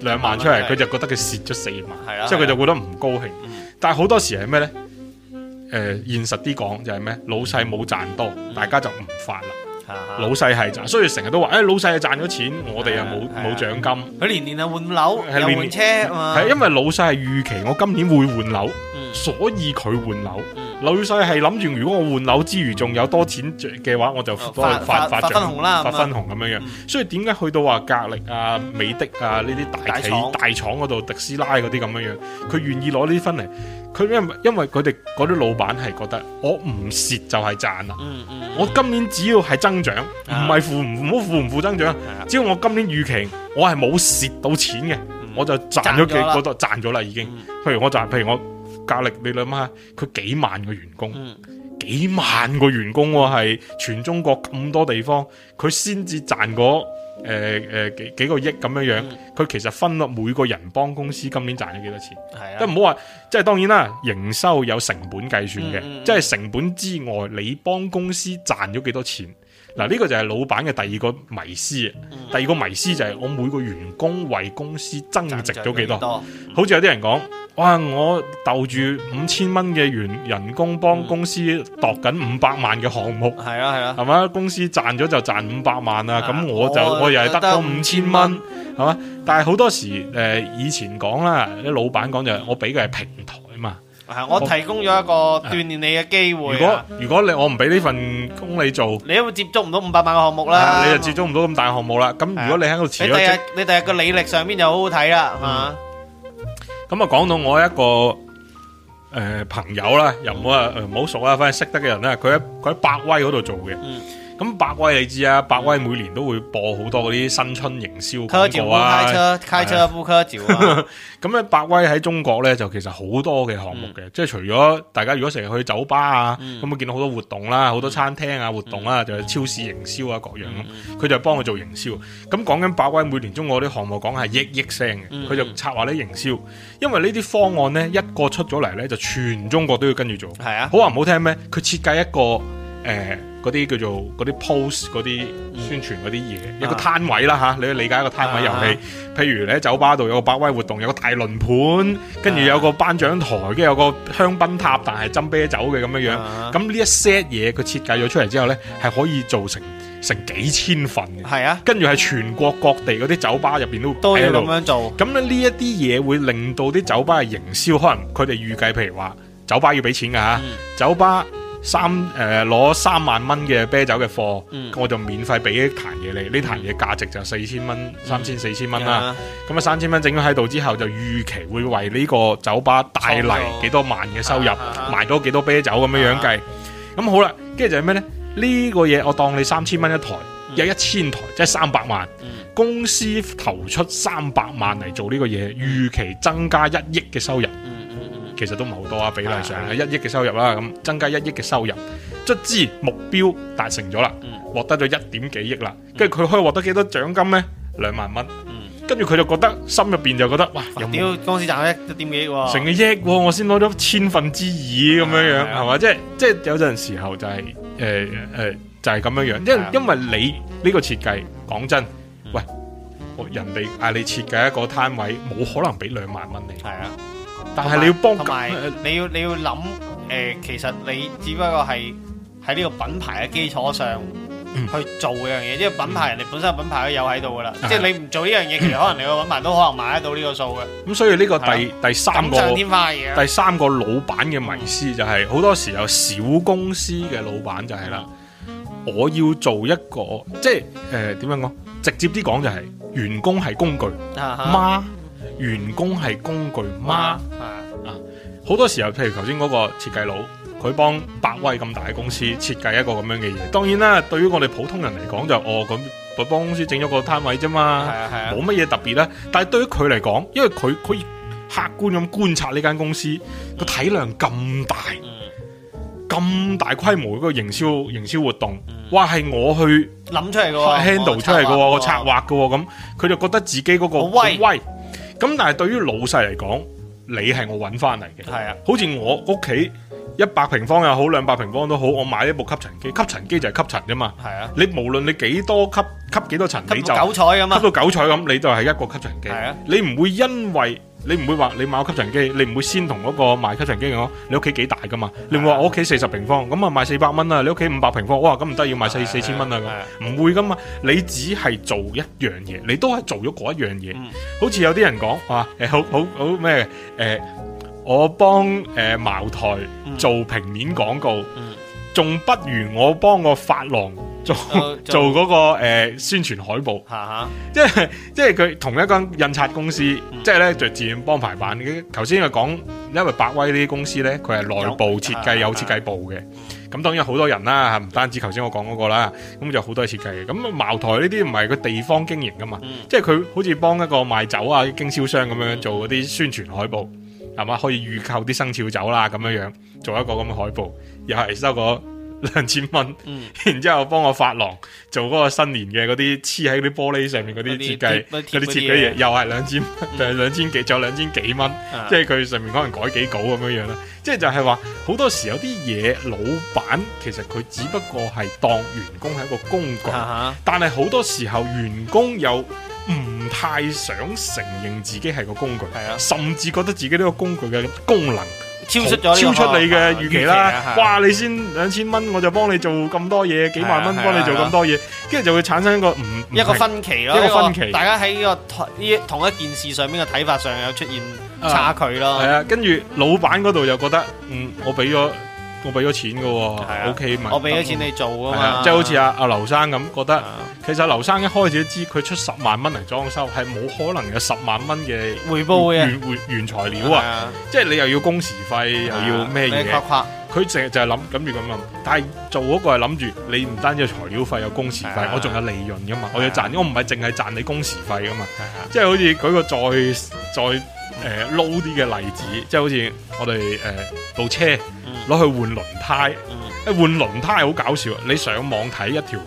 兩萬出嚟，佢就覺得佢蝕咗四萬，即係佢就覺得唔高興。是的是的但係好多時係咩咧？誒、呃、現實啲講就係咩？老細冇賺多，大家就唔發啦。老細係賺，所以成日都話，誒、哎，老細係賺咗錢，我哋又冇冇獎金。佢年年啊換樓，又換車嘛。係、啊、因為老細係預期我今年會換樓、嗯，所以佢換樓。老細係諗住，如果我換樓之餘仲、嗯、有多錢嘅話，我就發發發發發分紅啦，發分紅咁樣樣、嗯。所以點解去到話格力啊、美的啊呢啲大企、嗯、大廠嗰度，特斯拉嗰啲咁樣樣，佢願意攞呢啲分嚟？佢因為佢哋嗰啲老闆係覺得我唔蝕就係賺啦。我今年只要係增。漲唔係負，唔好負，唔負增長？只要我今年預期，我係冇蝕到錢嘅、嗯，我就賺咗幾個，嗰度賺咗啦，已經、嗯。譬如我賺，譬如我格力，你諗下，佢幾萬個員工，嗯、幾萬個員工係、啊、全中國咁多地方，佢先至賺嗰誒誒幾幾個億咁樣樣。佢、嗯、其實分落每個人幫公司今年賺咗幾多錢？係、嗯，都唔好話，即、就、係、是、當然啦，營收有成本計算嘅，即、嗯、係、就是、成本之外，你幫公司賺咗幾多錢？嗱，呢個就係老闆嘅第二個迷思，第二個迷思就係我每個員工為公司增值咗幾多？好似有啲人講，哇，我逗住五千蚊嘅員人工，幫公司度緊五百萬嘅項目，係啊係啊，係嘛、啊？公司賺咗就賺五百萬啊，咁我就我，我又係得咗五千蚊，係、嗯、嘛？但係好多時，誒、呃，以前講啦，啲老闆講就係我俾嘅係平台。啊！我提供咗一個鍛煉你嘅機會。如果如果你我唔俾呢份工你做，你都會接觸唔到五百萬嘅項目啦。你就接觸唔到咁大項目啦。咁如果你喺度辭咗職，你第日你第日嘅履歷上面就好好睇啦吓。咁啊，講到我一個誒朋友啦，又唔好啊唔好熟啊，反正識得嘅人啦，佢喺佢喺百威嗰度做嘅。咁百威你知啊，百威每年都會播好多嗰啲新春營銷廣告啊，開車開車不喝酒啊。咁咧、啊，百 <laughs> 威喺中國咧就其實好多嘅項目嘅、嗯，即係除咗大家如果成日去酒吧啊，咁、嗯、啊見到好多活動啦、啊，好多餐廳啊、嗯、活動啦、啊，就係、是、超市營銷啊、嗯、各樣，佢就幫佢做營銷。咁講緊百威每年中國啲項目講係億億聲嘅，佢、嗯嗯、就策劃啲營銷，因為呢啲方案呢，嗯、一個出咗嚟呢，就全中國都要跟住做。係、嗯、啊，好話唔好聽咩？佢設計一個誒。嗯呃嗰啲叫做嗰啲 post 嗰啲宣傳嗰啲嘢，有、嗯、個攤位啦吓、啊啊，你要理解一個攤位遊戲、啊，譬如你喺酒吧度有個百威活動，有個大輪盤，跟、啊、住有個頒獎台，跟住有個香檳塔，但係斟啤酒嘅咁樣樣，咁、啊、呢一 set 嘢，佢設計咗出嚟之後咧，係可以做成成幾千份嘅。係啊，跟住係全國各地嗰啲酒吧入邊都都要咁樣做。咁呢一啲嘢會令到啲酒吧嘅營銷可能佢哋預計，譬如話酒吧要俾錢嘅吓、嗯。酒吧。三誒攞三萬蚊嘅啤酒嘅貨、嗯，我就免費俾一壇嘢你。呢壇嘢價值就四千蚊，三千四千蚊啦。咁啊三千蚊整咗喺度之後，就預期會為呢個酒吧帶嚟幾多萬嘅收入，賣、嗯、多幾多啤酒咁、嗯嗯、樣計。咁、嗯、好啦，跟住就係咩呢？呢、呢個嘢我當你三千蚊一台，有一千台，嗯、即係三百萬、嗯。公司投出三百萬嚟做呢個嘢，預期增加一億嘅收入。嗯其實都唔好多啊，比例上係一億嘅收入啦，咁增加一億嘅收入，卒之目標達成咗啦，獲、嗯、得咗一點幾億啦，跟住佢可以獲得幾多獎金咧？兩萬蚊，跟住佢就覺得心入邊就覺得，哇！屌，當時賺一一點幾，成個億、啊，我先攞咗千分之二咁樣、啊、樣，係嘛、啊？即係即係有陣時候就係誒誒，就係咁樣樣，因、啊、因為你呢個設計，講真、嗯，喂，我人哋嗌你設計一個攤位，冇可能俾兩萬蚊你，係啊。但係你要幫，同埋你要你要諗，誒、呃，其實你只不過係喺呢個品牌嘅基礎上去做呢樣嘢，因為品牌、嗯、人哋本身嘅品牌都有喺度噶啦，即、嗯、係、就是、你唔做呢樣嘢，其實可能你個品牌都可能買得到呢個數嘅。咁所以呢個第、嗯、第三個，天花啊、第三個老闆嘅迷思就係、是、好多時候小公司嘅老闆就係、是、啦，我要做一個即係誒點樣講，直接啲講就係、是、員工係工具媽。啊員工係工具媽，啊，好、啊啊、多時候，譬如頭先嗰個設計佬，佢幫百威咁大嘅公司設計一個咁樣嘅嘢。當然啦，對於我哋普通人嚟講、就是，就哦咁，我幫公司整咗個攤位啫嘛，冇乜嘢特別啦。但係對於佢嚟講，因為佢可以客觀咁觀察呢間公司個、嗯、體量咁大，咁、嗯、大規模一個營銷營銷活動，嗯、哇，係我去諗出嚟嘅，handle 出嚟嘅，個策劃嘅，咁佢就覺得自己嗰、嗰個嗰個威。咁但係對於老細嚟講，你係我搵翻嚟嘅。係啊，好似我屋企一百平方又好，兩百平方都好，我買一部吸塵機，吸塵機就係吸塵啫嘛，係啊，你無論你幾多吸吸幾多塵，你就吸到九彩咁，吸到九彩咁，你就係一個吸塵機，啊，你唔會因為。你唔會話你買吸塵機，你唔會先同嗰個賣吸塵機嘅講。你屋企幾大噶嘛？你會話我屋企四十平方，咁啊賣四百蚊啦。你屋企五百平方，哇咁唔得，要賣四四千蚊啦。唔、嗯嗯、會噶嘛？你只係做一樣嘢，你都係做咗嗰一樣嘢。好似有啲人講哇，誒、欸、好好好咩？誒、欸，我幫誒、呃、茅台做平面廣告，仲不如我幫個髮廊。做做嗰、那個誒、呃、宣傳海報，uh -huh. 即係即係佢同一間印刷公司，uh -huh. 即係咧就自然幫排版。頭先又講，因為百威呢啲公司咧，佢係內部設計、uh -huh. 有設計部嘅。咁、uh -huh. 當然好多人啦、啊，唔單止頭先我講嗰、那個啦，咁就好多設計嘅。咁茅台呢啲唔係個地方經營噶嘛，uh -huh. 即係佢好似幫一個賣酒啊經銷商咁樣做嗰啲宣傳海報，係、uh、嘛 -huh. 可以預購啲生肖酒啦，咁樣樣做一個咁嘅海報，又係收個。兩千蚊，嗯、然之後幫我髮廊做嗰個新年嘅嗰啲黐喺啲玻璃上面嗰啲設計，嗰啲設計嘢又係兩千，就、嗯、係兩千幾，仲有兩千幾蚊、啊，即係佢上面可能改幾稿咁樣樣啦。即係就係話好多時候有啲嘢，老闆其實佢只不過係當員工係一個工具，啊、但係好多時候員工又唔太想承認自己係個工具、啊，甚至覺得自己呢個工具嘅功能。超出咗、呢個、超出你嘅預期啦，預期啊、哇！你先兩千蚊，我就幫你做咁多嘢，幾萬蚊幫你做咁多嘢，跟住就會產生一個唔一個分歧咯，一個，一個分歧，大家喺呢、呢個同呢同一件事上邊嘅睇法上有出現差距咯。係啊，跟住老闆嗰度又覺得嗯，我俾咗。我俾咗錢嘅喎，O K 嘛？啊、OK, 我俾咗錢你做啊嘛，即係、啊就是、好似阿阿劉生咁覺得，啊。其實劉生一開始都知佢出十萬蚊嚟裝修係冇可能有十萬蚊嘅回報嘅原，原材料是啊，即係你又要工時費又要咩嘢？佢成日就係諗住咁樣咁啊。但係做嗰個係諗住，你唔、就是、單止有材料費有工時費，是啊、我仲有利潤嘅嘛，我要賺。是啊、我唔係淨係賺你工時費嘅嘛。是啊、即係好似舉個再再誒撈啲嘅例子，即係好似我哋誒部車。攞去換輪胎，換輪胎好搞笑。你上網睇一條誒、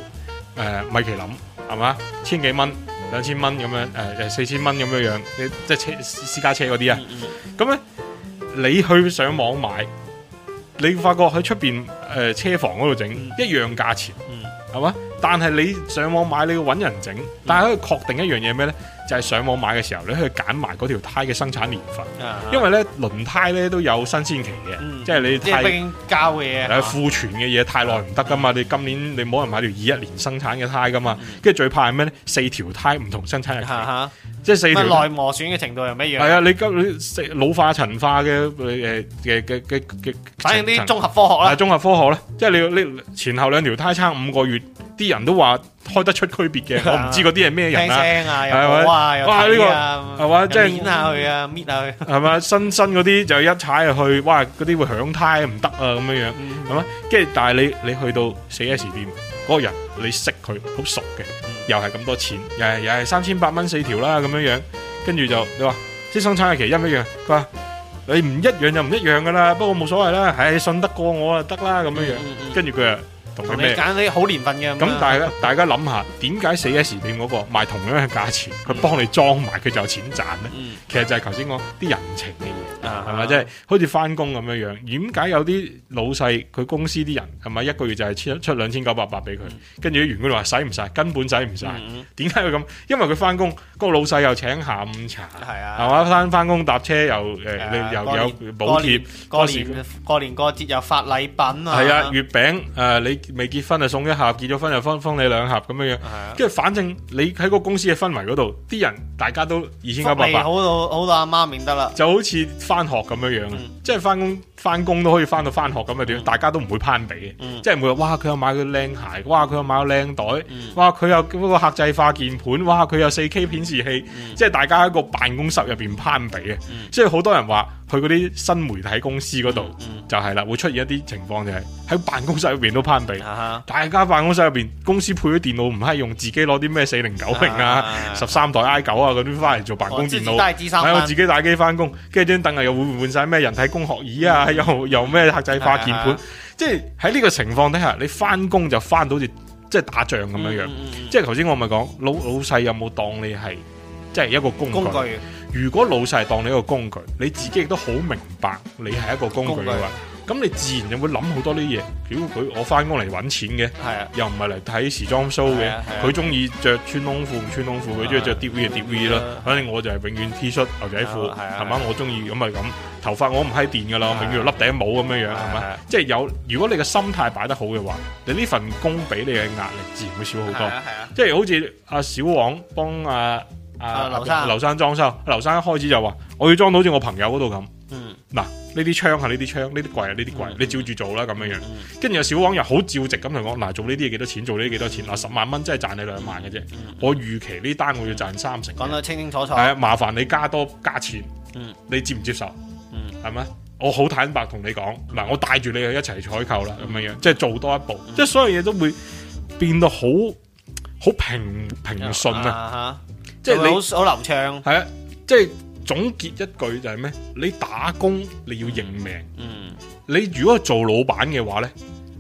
呃、米其林係嘛，千幾蚊、兩千蚊咁樣，誒、呃、四千蚊咁樣樣，即係私私家車嗰啲啊。咁、嗯、咧你去上網買，你會發覺喺出邊誒車房嗰度整一樣價錢，係嘛？但係你上網買，你要搵人整，但係可以確定一樣嘢咩咧？就係、是、上網買嘅時候，你可以揀埋嗰條胎嘅生產年份，啊、因為咧輪胎咧都有新鮮期嘅、嗯，即係你胎。即係冰膠嘅嘢。係庫存嘅嘢太耐唔得噶嘛？你今年你冇人買條二一年生產嘅胎噶嘛？跟、嗯、住最怕係咩咧？四條胎唔同生產日期。啊、即係四條內磨損嘅程度又咩樣？係啊，你今你老化陳化嘅誒誒誒誒誒，反正啲綜合科學啦，綜合科學咧，即係你你前後兩條胎差五個月，啲人都話。.開得出區別嘅，我唔知嗰啲係咩人啊！聽聲啊，又攞啊，又睇啊，係嘛？即係演下佢啊，搣下佢，係嘛？新新嗰啲就一踩入去，哇！嗰啲會響胎唔得啊，咁樣樣。咁啊，跟住但係你你去到四 s 店嗰人，你識佢好熟嘅，又係咁多錢，又係又係三千八蚊四條啦，咁樣樣。跟住就你話，即生產日期一唔一樣？佢話你唔一樣就唔一樣噶啦，不過冇所謂啦，誒信得過我啊得啦，咁樣樣。跟住佢啊。你揀啲好年份嘅咁，大家 <laughs> 大家諗下點解四 s 店嗰個賣同樣嘅價錢，佢、嗯、幫你裝埋佢就有錢賺咧、嗯？其實就係頭先講啲人情嘅嘢，係咪即係好似翻工咁樣樣？點解，解有啲老細佢公司啲人係咪一個月就係出出兩千九百八俾佢？跟住啲員工話使唔晒，根本使唔晒。點解佢咁？因為佢翻工嗰個老細又請下午茶，係啊，係嘛？翻翻工搭車又誒、啊，又有補、啊、貼。過年過年過節又發禮品啊，係啊，月餅誒、呃、你。未結婚就送一盒，結咗婚又分分你兩盒咁樣樣。跟住、啊、反正你喺個公司嘅氛圍嗰度，啲人大家都二千九百八,八,八，好到好到阿媽免得啦。就好似返學咁樣樣，即係返工返工都可以返到返學咁啊點？嗯、大家都唔會攀比，即係唔會話哇佢又買個靚鞋，哇佢又買個靚袋，嗯、哇佢又嗰個客製化鍵盤，哇佢有四 K 顯示器，即、嗯、係大家喺個辦公室入邊攀比嘅。嗯、所以好多人話去嗰啲新媒體公司嗰度、嗯、就係啦，會出現一啲情況就係、是、喺辦公室入邊都攀比。大家辦公室入邊，公司配咗電腦唔係用，自己攞啲咩四零九零啊、十、啊、三代 i 九啊嗰啲翻嚟做辦公電腦，我、哦、自,自,自,自己打機翻工，跟住張凳又換換晒咩人體工學椅啊，嗯、又又咩客製化鍵盤、嗯嗯嗯，即係喺呢個情況底下，你翻工就翻到好似即係打仗咁樣樣，嗯、即係頭先我咪講老老細有冇當你係即係一個工具？工具如果老細當你一個工具，你自己亦都好明白你係一個工具。工具.咁你自然就會諗好多呢啲嘢。屌、呃、佢，我翻工嚟揾錢嘅、啊，又唔係嚟睇時裝 show 嘅。佢中意着穿窿褲唔穿窿褲，佢中意着 D V 嘅 D V 啦。反正我就係永遠 T 恤牛仔褲，係嘛、啊啊啊啊，我中意咁咪咁。頭髮我唔係電噶啦、啊，永遠笠頂帽咁樣樣，係咪、啊啊？即係有如果你嘅心態擺得好嘅話，啊、你呢份工俾你嘅壓力自然會少好多。啊啊、即係好似阿小王幫阿阿劉生劉生裝修，劉生一開始就話我要裝到好似我朋友嗰度咁。嗱，呢啲槍係呢啲槍，呢啲櫃係呢啲櫃、嗯嗯，你照住做啦咁樣樣。跟住有小王又好照直咁同我講：嗱，做呢啲嘢幾多錢？做呢啲幾多錢？嗱，十萬蚊真係賺你兩萬嘅啫、嗯嗯。我預期呢單我要賺三成。講得清清楚楚。係啊，麻煩你加多價錢。嗯。你接唔接受？嗯。係咪？我好坦白同你講，嗱、嗯，我帶住你去一齊採購啦，咁樣樣，即、嗯、係、就是、做多一步，即、嗯、係、就是、所有嘢都會變到好好平平順嘅嚇。即、啊、係、就是、你好流暢。係啊，即、就、係、是。總結一句就係咩？你打工你要認命嗯。嗯。你如果做老闆嘅話咧，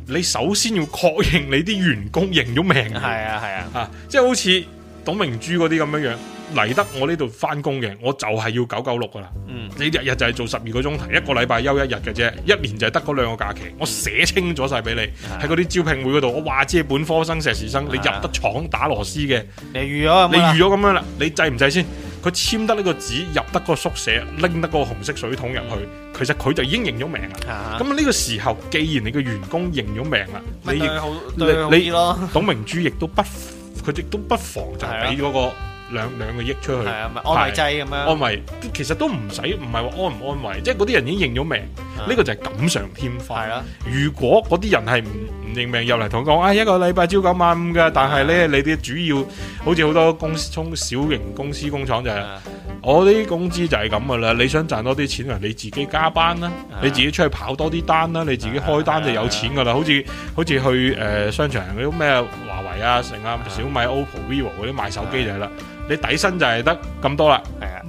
你首先要確認你啲員工認咗命。係啊係啊,啊。即係好似董明珠嗰啲咁樣樣嚟得我呢度翻工嘅，我就係要九九六噶啦。嗯。你日日就係做十二個鐘頭、嗯，一個禮拜休一日嘅啫，一年就係得嗰兩個假期。我寫清咗晒俾你喺嗰啲招聘會嗰度，我話知係本科生、碩士生、啊，你入得廠打螺絲嘅、啊。你預咗，你預咗咁樣啦，你制唔制先？佢簽得呢個紙入得個宿舍拎得個紅色水桶入去，嗯、其實佢就已經認咗命啦。咁、啊、呢個時候，既然你嘅員工認咗命啦，你亦好你，你，你董明珠亦都不佢亦都不妨就係俾嗰個。兩兩個億出去，安慰劑咁樣，安慰其實都唔使，唔係話安唔安慰，即係嗰啲人已經認咗命，呢、啊、個就係錦上添花。啊、如果嗰啲人係唔唔認命入嚟同我講、哎，啊一個禮拜朝九晚五噶，但係咧你啲主要好似好多公司，中小型公司工廠就係、是、啊、我啲工資就係咁噶啦。你想賺多啲錢啊，你自己加班啦，啊、你自己出去跑多啲單啦，你自己開單就有錢噶啦、啊。好似好似去誒、呃、商場嗰啲咩華為啊、成啊、小米、啊、OPPO、VIVO 嗰啲賣手機就係、是、啦。啊啊你底薪就係得咁多啦，係啊！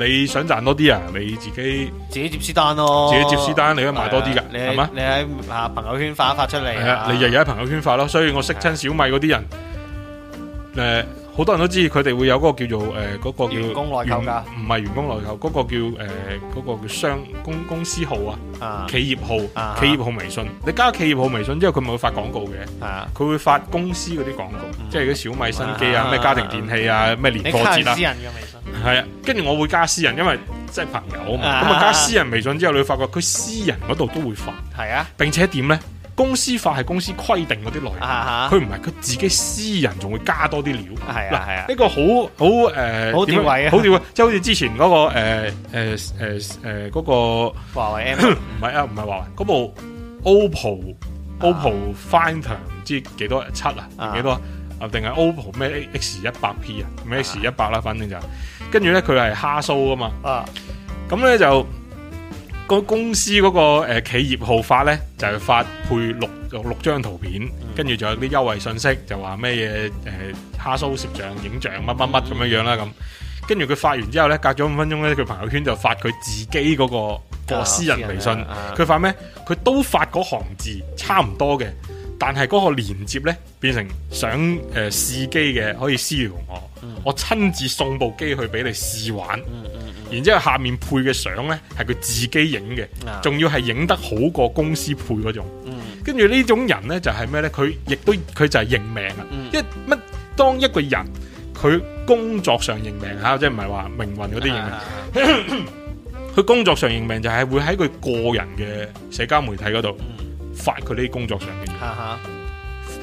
你想賺多啲啊？你自己自己接私單咯，自己接私單，你可以賣多啲噶，係嘛？你喺啊朋友圈發一發出嚟，係啊，你日日喺朋友圈發咯，所以我識親小米嗰啲人，誒。嗯呃好多人都知佢哋會有嗰個叫做誒嗰、呃嗰個、叫員工內購㗎，唔係員工內購嗰、嗰個叫誒嗰、呃嗰個、叫商公公司號啊，啊企業號、啊、企業號微信，你加企業號微信之後，佢咪會發廣告嘅？係啊，佢會發公司嗰啲廣告，啊、即係啲小米新機啊，咩、啊啊、家庭電器啊，咩年過節、啊、私人嘅微信係啊，跟、啊、住我會加私人，因為即係朋友啊嘛。咁啊加私人微信之後，你會發覺佢私人嗰度都會發，係啊。並且點咧？公司法係公司規定嗰啲內容，佢唔係佢自己私人仲會加多啲料。係、uh、啊 -huh.，係、這、啊、個，呢個、呃、好好好點位啊，好點位，即好似之前嗰、嗰個誒誒誒誒嗰個華為 M，唔係啊，唔係華為嗰部 OPPO、uh -huh. OPPO Find 唔知幾多七啊，幾多、uh -huh. OPPO, 啊？定係 OPPO 咩 X 一百 P 啊？咩 X 一百啦，反正就係，跟住咧佢係哈蘇啊嘛，啊，咁咧就。公司嗰、那個誒、呃、企業號發呢，就係、是、發配六六六張圖片，跟住仲有啲優惠信息，就話咩嘢誒，哈蘇攝像影像乜乜乜咁樣樣啦咁。跟住佢發完之後呢，隔咗五分鐘呢，佢朋友圈就發佢自己嗰個個私人微信，佢發咩？佢都發嗰行字差唔多嘅，但係嗰個鏈接呢，變成想誒試機嘅，可以私聊我，mm -hmm. 我親自送部機去俾你試玩。Mm -hmm. 然之後下面配嘅相呢，係佢自己影嘅，仲、啊、要係影得好過公司配嗰種。跟住呢種人呢，就係咩呢？佢亦都佢就係認命啊！一乜當一個人佢工作上認命、嗯、啊，即係唔係話命運嗰啲認命。佢、啊、工作上認命就係會喺佢個人嘅社交媒體嗰度發佢呢啲工作上面。啊啊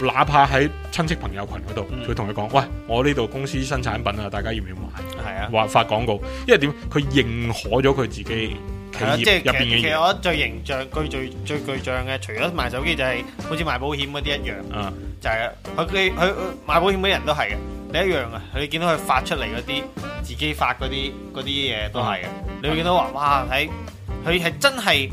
哪怕喺親戚朋友群嗰度，佢同佢講：，喂，我呢度公司新產品啊，大家要唔要買？係啊，話發廣告，因為點？佢認可咗佢自己企業入邊、嗯嗯嗯嗯嗯嗯嗯、其實我覺得最形象、最最最具象嘅，除咗賣手機，就係好似賣保險嗰啲一樣。啊、嗯，就係佢佢佢賣保險啲人都係嘅，你一樣啊，佢見到佢發出嚟嗰啲自己發嗰啲嗰啲嘢都係嘅，你會見到話哇，睇佢係真係。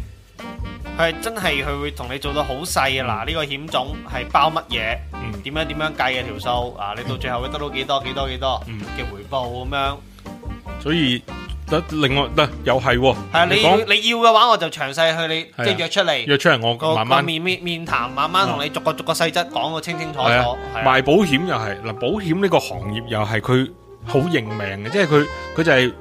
係真係佢會同你做到好細嘅嗱，呢、呢個險種係包乜嘢？點、嗯、樣點樣計嘅條數啊？你到最後會得到幾多？幾多？幾多？嘅回報咁樣。所以得另外得又係係、哦、啊！你你，你要嘅話，我就詳細去你、啊、即係約出嚟，約出嚟我，我，我，我慢，慢面面面談，慢慢同你逐個逐個細則講個清清楚楚。啊啊啊、賣保險又係嗱，保險呢個行業又係佢好認命嘅，即係佢佢就係、係。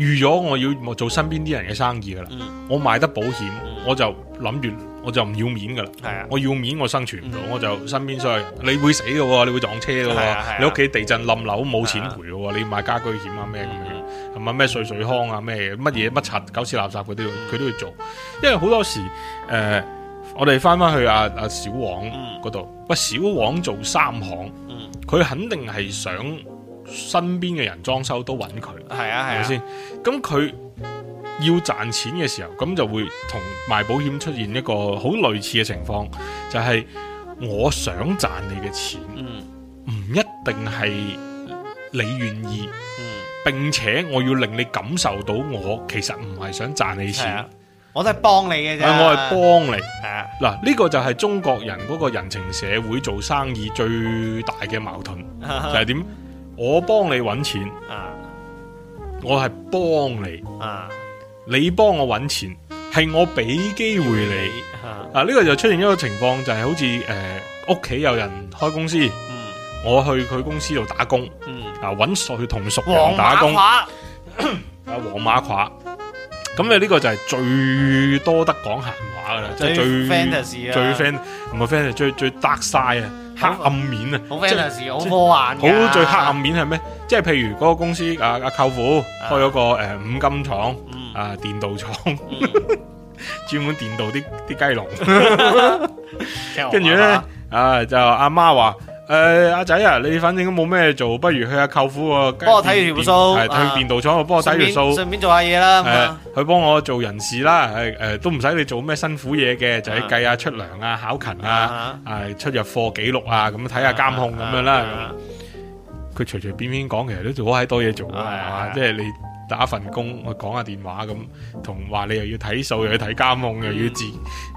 預咗我要做身邊啲人嘅生意噶啦，我買得保險，我就諗完，我就唔要面噶啦。係啊，我要面我生存唔到，我就身邊衰。你會死嘅喎，你會撞車㗎喎，你屋企地震冧樓冇錢賠㗎喎，你買家居險啊咩咁樣，係咪咩碎碎康啊咩乜嘢乜柒九次垃圾嗰啲，佢都要做。因為好多時誒，我哋翻翻去阿阿小王嗰度，喂，小王做三行，佢肯定係想。身邊嘅人裝修都揾佢，係啊係咪先？咁佢、啊、要賺錢嘅時候，咁就會同賣保險出現一個好類似嘅情況，就係、是、我想賺你嘅錢，唔、嗯、一定係你願意、嗯，並且我要令你感受到我其實唔係想賺你錢，我都係幫你嘅啫，我係幫你，你。嗱、啊、呢、這個就係中國人嗰個人情社會做生意最大嘅矛盾，就係、是、點？ <laughs> 我幫你搵錢啊！我係幫你啊！你幫我搵錢，係我俾機會你啊！呢、啊這個就出現一個情況，就係、是、好似誒屋企有人開公司，嗯、我去佢公司度打工，嗯、啊搵熟同熟人打工，啊黃馬褂，咁你呢個就係最多得講閒話噶啦，即、就、係、是、最最 friend friend 最最得晒啊！最 fantasy，最最黑暗面啊，即係時好科幻、就是，好、就是就是啊、最黑暗面係咩？即、就、係、是、譬如嗰個公司啊，阿舅父開咗個誒、呃、五金廠、嗯，啊電鍍廠，專、嗯、 <laughs> 門電鍍啲啲雞籠，跟住咧啊就阿媽話。啊媽誒、呃，阿仔啊，你反正都冇咩做，不如去阿舅父個，幫我睇條數，去電鍍廠，我幫我睇條數，順便做下嘢啦。佢幫我做人事啦，誒、啊、都唔使你做咩辛苦嘢嘅，就係計下出糧啊、考勤啊、誒、啊啊啊、出入貨記錄啊，咁睇下監控咁、啊啊啊、樣啦。佢隨隨便便講，其實都做好喺多嘢做啊，即、啊、係、啊就是、你。打一份工，我講下電話咁，同話你又要睇數，又要睇監控，又要字，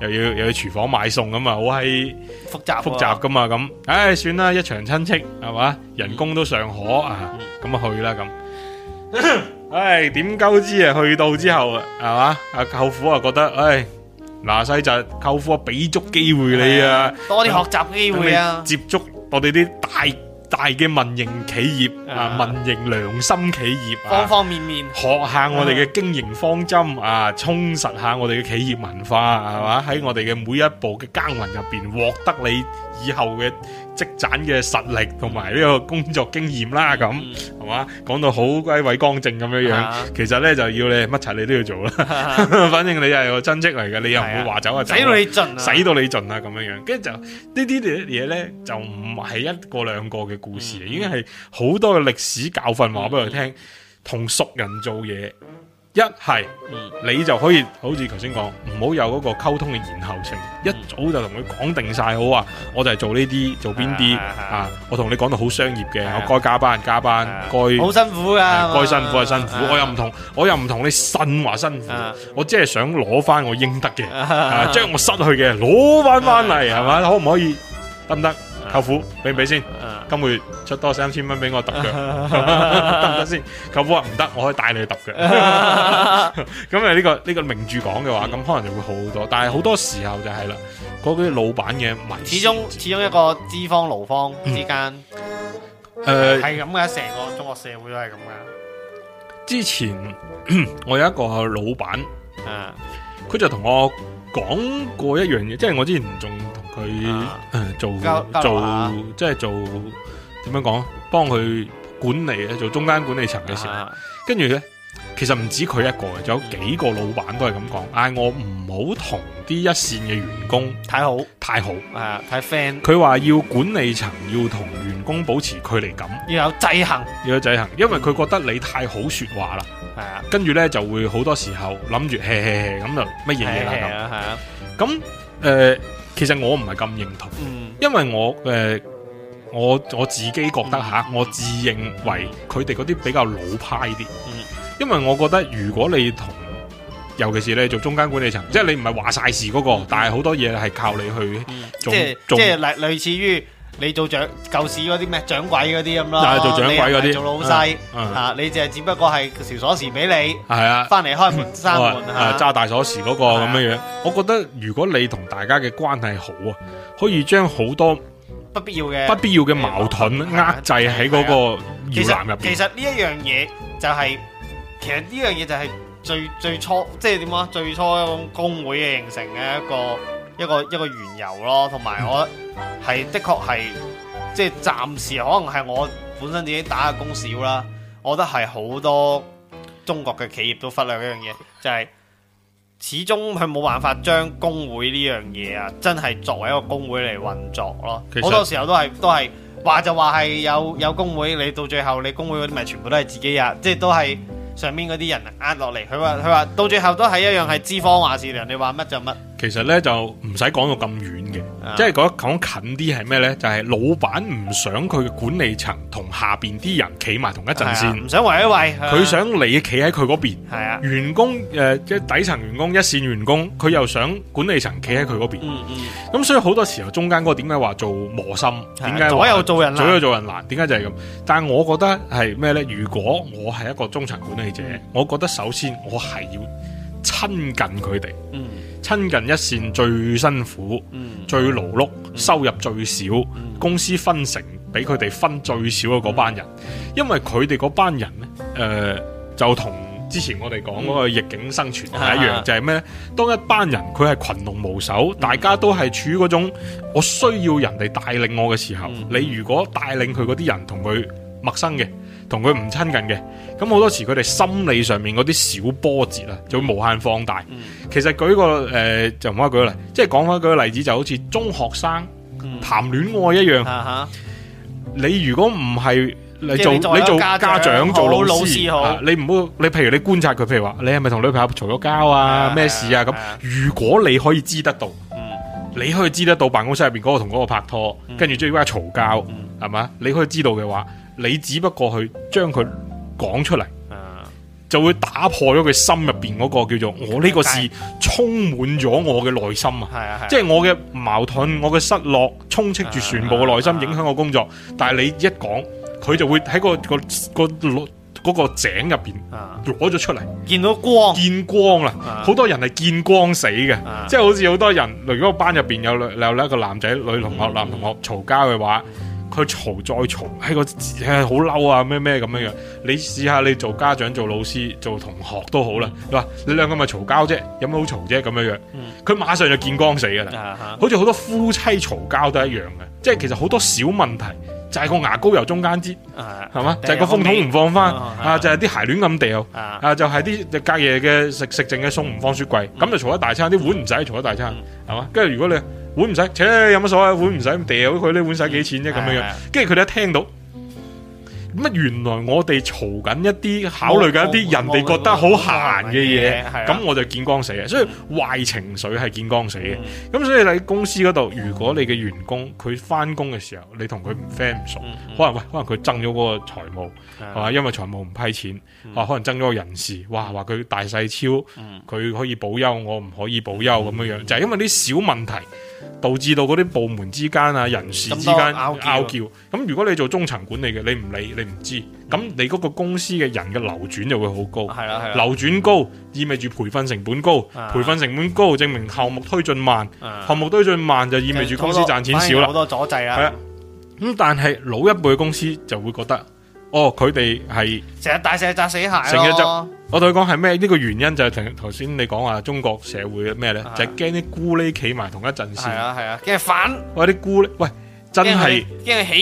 又要又要去廚房買餸咁啊！好喺複雜的複雜噶、啊、嘛咁，唉、哎、算啦，一場親戚係嘛，人工都尚可啊，咁啊去啦咁。唉，點 <laughs> 鳩、哎、知啊？去到之後啊，係嘛？阿舅父啊，覺得唉、嗱、哎、細侄，舅父俾足機會你啊，多啲學習機會啊，接觸我哋啲大。大嘅民營企業，啊，民營良心企業，啊、方方面面學下我哋嘅經營方針啊，充實下我哋嘅企業文化，係、嗯、嘛？喺我哋嘅每一步嘅耕耘入邊，獲得你以後嘅積攢嘅實力同埋呢個工作經驗啦，咁係嘛，講到好鬼偉光正咁樣樣、啊，其實咧就要你乜柒你都要做啦，啊、 <laughs> 反正你又係個親戚嚟嘅，你又唔會話走啊，使到你盡，使到你盡啊咁樣樣，跟住就呢啲嘢咧就唔係一個兩個嘅故事，已經係好多嘅歷史教訓，話俾佢聽，同熟人做嘢。一係、嗯，你就可以好似頭先講，唔好有嗰個溝通嘅延後性，一早就同佢講定晒好啊，啊！我就係做呢啲，做邊啲啊！我同你講到好商業嘅，我該加班加班，該好、啊嗯、辛苦噶，該、啊、辛苦係辛苦，啊、我又唔同，我又唔同你呻話辛苦，啊、我即係想攞翻我應得嘅，將、啊啊、我失去嘅攞翻翻嚟，係咪、啊？可唔可以得唔得？行舅父俾唔俾先？今個月出多三千蚊俾我揼腳得唔得先？舅父話唔得，我可以帶你揼腳、啊。咁啊呢、啊 <laughs> 這個呢、這個明住講嘅話，咁、嗯、可能就會好好多。但係好多時候就係啦，嗰啲老闆嘅迷，始終始終一個資方勞方之間、嗯，誒係咁嘅，成、嗯、個中國社會都係咁嘅。之前我有一個老闆，佢、啊、就同我。講過一樣嘢，即係我之前仲同佢誒做做，即係做點樣講，幫佢管理，做中間管理層嘅時候，跟住咧。其實唔止佢一個，仲有幾個老闆都係咁講，嗌我唔好同啲一線嘅員工太好太好，係啊太 friend。佢話要管理層要同員工保持距離感，要有制衡，要有制衡，因為佢覺得你太好說話啦。係啊，跟住咧就會好多時候諗住，嘿嘿嘿咁就乜嘢嘢啦咁。係啊係啊，咁誒、呃，其實我唔係咁認同，嗯，因為我誒、呃、我我自己覺得吓、嗯啊，我自認為佢哋嗰啲比較老派啲，嗯。因為我覺得如果你同，尤其是你做中間管理層，即係你唔係話晒事嗰、那個，嗯、但係好多嘢係靠你去、嗯，即係即係類類似於你做掌舊時嗰啲咩掌櫃嗰啲咁咯，做掌櫃嗰啲做老細吓、啊啊啊，你淨係只不過係條鎖匙俾你，係啊，翻、啊、嚟開門閂門，揸、啊啊啊、大鎖匙嗰、那個咁、啊、樣樣、啊。我覺得如果你同大家嘅關係好啊，可以將好多不必要嘅不必要嘅矛盾壓制喺嗰個搖籃入邊。其實呢一樣嘢就係、是。其實呢樣嘢就係最最初，即係點啊？最初一種工會嘅形成嘅一個一個一個緣由咯，同埋我係的確係，即係暫時可能係我本身自己打嘅工少啦。我覺得係好多中國嘅企業都忽略一樣嘢，就係始終佢冇辦法將工會呢樣嘢啊，真係作為一個工會嚟運作咯。好多時候都係都係話就話係有有工會，你到最後你工會嗰啲咪全部都係自己啊，即係都係。上面嗰啲人壓落嚟，佢話佢話到最後都係一樣，係資方話事，人，你話乜就乜。其實咧就唔使講到咁遠嘅即係講講近啲係咩咧？就係、啊就是就是、老闆唔想佢嘅管理層同下邊啲人企埋同一陣線，唔、啊、想為一位，佢、啊、想你企喺佢嗰邊。係啊，員工誒，即、呃、係底層員工、一線員工，佢又想管理層企喺佢嗰邊。咁、嗯嗯、所以好多時候中間嗰個點解話做磨心？點解、啊、左右做人難？左右做人難？點解就係咁？但係我覺得係咩咧？如果我係一個中層管理者、嗯，我覺得首先我係要親近佢哋。嗯。親近一線最辛苦、嗯、最勞碌、嗯、收入最少，嗯、公司分成俾佢哋分最少嘅嗰班人，嗯、因為佢哋嗰班人呢，誒、呃，就同之前我哋講嗰個逆境生存一樣，嗯、就係咩咧？當一班人佢係群龍無首、嗯，大家都係處於嗰種我需要人哋帶領我嘅時候、嗯，你如果帶領佢嗰啲人同佢陌生嘅，同佢唔親近嘅，咁好多時佢哋心理上面嗰啲小波折啊，就會無限放大。嗯、其實舉個誒、呃，就唔可以舉啦，即係講翻舉個例子，就好似中學生談戀愛一樣。嗯嗯嗯嗯嗯、你如果唔係你做你，你做家長好做老師，好老師好啊、你唔好你，譬如你觀察佢，譬如話你係咪同女朋友嘈咗交啊？咩、啊、事啊？咁、啊啊啊、如果你可以知得到，你可以知得到辦公室入邊嗰個同嗰個拍拖，跟住即係而家嘈交，係嘛？你可以知道嘅、嗯嗯、話。你只不過去將佢講出嚟、啊，就會打破咗佢心入邊嗰個叫做我呢個事充滿咗我嘅內心啊！即係、啊啊即係、我嘅矛盾，嗯、我嘅失落充斥住全部嘅內心，影響我工作。啊啊、但係你一講，佢就會喺、嗰個個、嗰個井入邊攞咗出嚟，見到光，見光啦！好、啊、多人係見光死嘅，即、啊、係、即係、好似好多人。例如嗰班入邊有有一個男仔女同學、男同學嘈交嘅話。佢嘈再嘈，喺個誒好嬲啊咩咩咁樣樣。你試下你做家長、做老師、做同學都好啦。哇、嗯，你兩個咪嘈交啫，有咩好嘈啫咁樣樣？佢馬上就見光死噶啦、嗯嗯，好似好多夫妻嘈交都一樣嘅、嗯。即係其實好多小問題，就係、是、個牙膏由中間支係嘛，就係、是、個風筒唔放返啊、嗯嗯，就係、是、啲鞋亂咁掉啊，就係、是、啲、嗯嗯就是、隔夜嘅食食剩嘅餸唔放雪櫃，咁、嗯、就嘈一大餐，啲、嗯、碗唔使嘈一大餐係嘛？跟、嗯、住如果你碗唔使，切、欸、有乜所謂？碗唔使，掉佢呢碗使幾錢啫？咁樣樣，跟住佢哋一聽到，乜原來我哋嘈緊一啲，考慮緊一啲，人哋覺得好閒嘅嘢，咁我就見光死啊！所以壞、嗯、情緒係見光死嘅。咁、嗯、所以喺公司嗰度，如果你嘅員工佢翻工嘅時候，你同佢唔 friend 唔熟、嗯嗯，可能喂，可能佢爭咗嗰個財務，係、嗯、嘛？因為財務唔批錢，嗯、可能爭咗個人事，哇！話佢大細超，佢、嗯、可以補休，我唔可以補休咁樣、嗯、樣，就係、是、因為啲小問題。導致到嗰啲部門之間啊、人事之間拗撬，咁如果你做中層管理嘅，你唔理你唔知，咁你嗰個公司嘅人嘅流轉就會好高，係啦係流轉高意味住培訓成本高，啊、培訓成本高證明項目推進慢，項、啊、目推進慢就意味住公司賺錢少啦，好多，多阻滯啦，係啦、啊，咁但係老一輩嘅公司就會覺得，嗯、哦佢哋係成日大石砸死蟹咯。我對講係咩？呢、這個原因就係頭先你講話中國社會咩咧、啊？就係驚啲咕喱企埋同一陣線啊啊，驚、啊、反，或者咕喱？喂，真係驚係起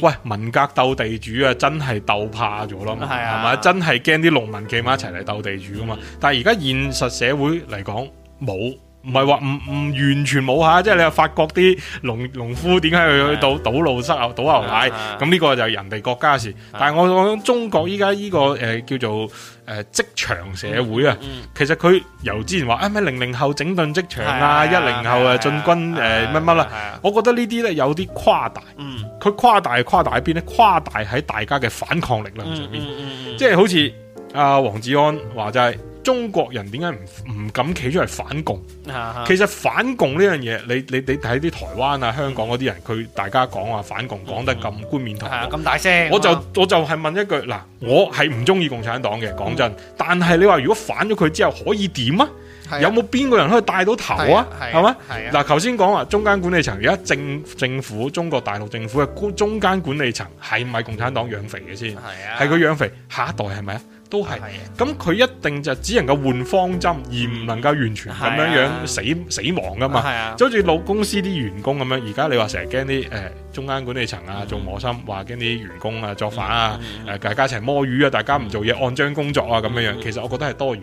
義。喂，文革鬥地主啊，真係鬥怕咗啦嘛，係、啊、真係驚啲農民企埋一齊嚟鬥地主㗎嘛。啊但係而家現實社會嚟講冇。唔係話唔唔完全冇吓，即係你話法國啲農農夫點解去去倒倒路塞牛倒牛奶，咁呢、啊、個就係人哋國家事。啊、但係我諗中國依家呢個誒、呃、叫做誒職、呃、場社會啊、嗯嗯，其實佢由之前話啊咩零零後整頓職場啊，一零、啊、後誒、啊、進、啊、軍誒乜乜啦，我覺得呢啲咧有啲誇大。佢、嗯、誇大誇大喺邊咧？誇大喺大家嘅反抗力量上面，即、嗯、係、嗯嗯就是、好似阿黃志安話齋。中國人點解唔唔敢企出嚟反共、啊啊？其實反共呢樣嘢，你你你睇啲台灣啊、香港嗰啲人，佢、嗯、大家講話反共講、嗯、得咁冠冕堂，咁、嗯、大聲。我就、啊、我就係問一句，嗱，我係唔中意共產黨嘅，講真、嗯。但係你話如果反咗佢之後可以點啊,啊？有冇邊個人可以帶到頭啊？係嘛、啊？嗱、啊，頭先講話中間管理層，而家政政府中國大陸政府嘅中中間管理層係唔係共產黨養肥嘅先？係啊，係佢養肥下一代係咪啊？都係，咁佢一定就只能夠換方針，而唔能夠完全咁樣樣死、啊、死亡噶嘛。即係好似老公司啲員工咁樣，而家你話成日驚啲誒中間管理層啊做磨心，話驚啲員工啊作反啊，誒大家一齊摸魚啊，大家唔做嘢、嗯、按章工作啊咁樣樣。其實我覺得係多餘，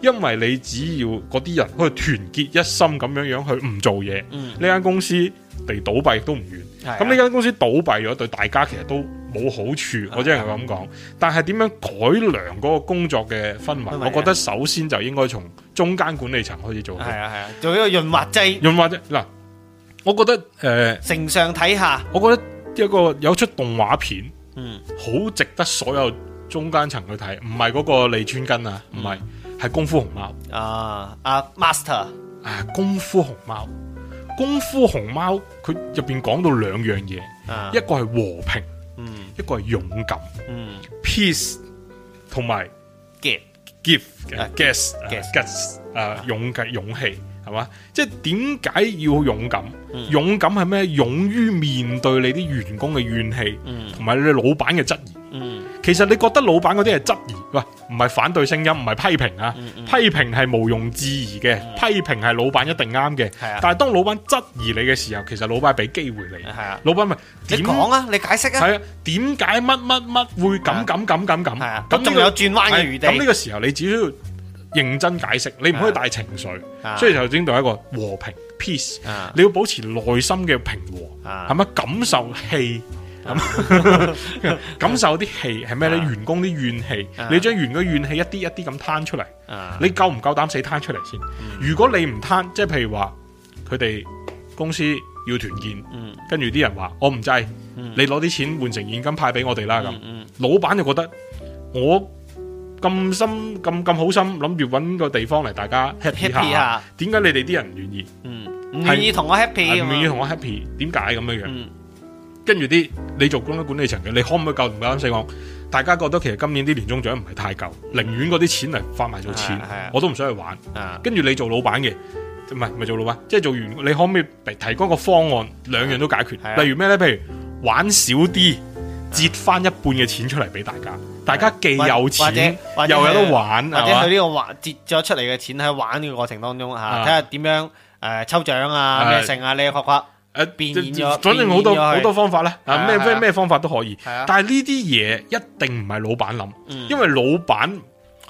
因為你只要嗰啲人去團結一心咁樣樣去唔做嘢，呢、嗯、間公司。地倒閉都唔遠，咁呢間公司倒閉咗對大家其實都冇好處。啊、我只係咁講。啊、但係點樣改良嗰個工作嘅氛圍，是是啊、我覺得首先就應該從中間管理層開始做。係啊係啊，啊，做一個潤滑劑。潤滑劑嗱，我覺得誒、呃，成上睇下，我覺得一個有一出動畫片，嗯，好值得所有中間層去睇。唔係嗰個利川根啊，唔係，係、嗯、功夫熊貓啊，阿、啊、master，啊，功夫熊貓。功夫熊貓佢入邊講到兩樣嘢、啊，一個係和平，嗯，一個係勇敢，嗯，peace 嗯同埋 give give guess guess 勇嘅勇氣係嘛？即係點解要勇敢？嗯、勇敢係咩？勇於面對你啲員工嘅怨氣，嗯、同埋你哋老板嘅質疑。嗯，嗯，其實你覺得老闆嗰啲係質疑，喂，唔係反對聲音，唔係批評啊，嗯嗯、批評係毋庸置疑嘅，嗯，批評係老闆一定啱嘅，啊。但係當老闆質疑你嘅時候，其實老闆俾機會你，啊。老闆唔係點講啊，你解釋啊。係啊，點解乜乜乜會咁咁咁咁咁。係、啊啊這個，仲有轉彎嘅餘地。咁呢個時候你只需要認真解釋，你唔可以帶情緒，啊。所以頭先到一個和平 peace，啊、你要保持內心嘅平和，係咪，啊、感受氣？咁 <laughs> 感受啲氣係咩咧？ <music> 你員工啲怨氣、uh-huh. 你將員工的怨氣一啲一啲咁攤出嚟，你夠唔夠膽死攤出嚟先？如果你唔攤，即係譬如話佢哋公司要團建，跟住啲人話我唔制，你攞啲錢換成現金派俾我哋啦咁。Uh-huh. 老闆就覺得我咁心咁咁好心諗住搵個地方嚟大家 happy 下，點解 -ha-huh. 你哋啲人唔願意、uh-huh.？嗯，唔願意同我 happy，唔願意同我 happy，點解咁樣樣？Uh-huh. 跟住啲你做公司管理層嘅，你可唔可以夠唔夠膽講？大家覺得其實今年啲年終獎唔係太夠，寧願嗰啲錢嚟發埋做錢、啊啊，我都唔想去玩。啊、跟住你做老闆嘅，唔係唔係做老闆，即係做完，你可唔可以提供一個方案，兩樣都解決？啊、例如咩呢？譬如玩少啲，折翻一半嘅錢出嚟俾大家、啊，大家既有錢，又有得玩，或者佢呢、這個折咗出嚟嘅錢喺玩嘅過程當中吓，睇下點樣誒、呃、抽獎啊咩剩啊呢一框反正好多好多方法啦，啊，咩咩咩方法都可以，啊、但係呢啲嘢一定唔係老闆諗、啊，因為老闆佢、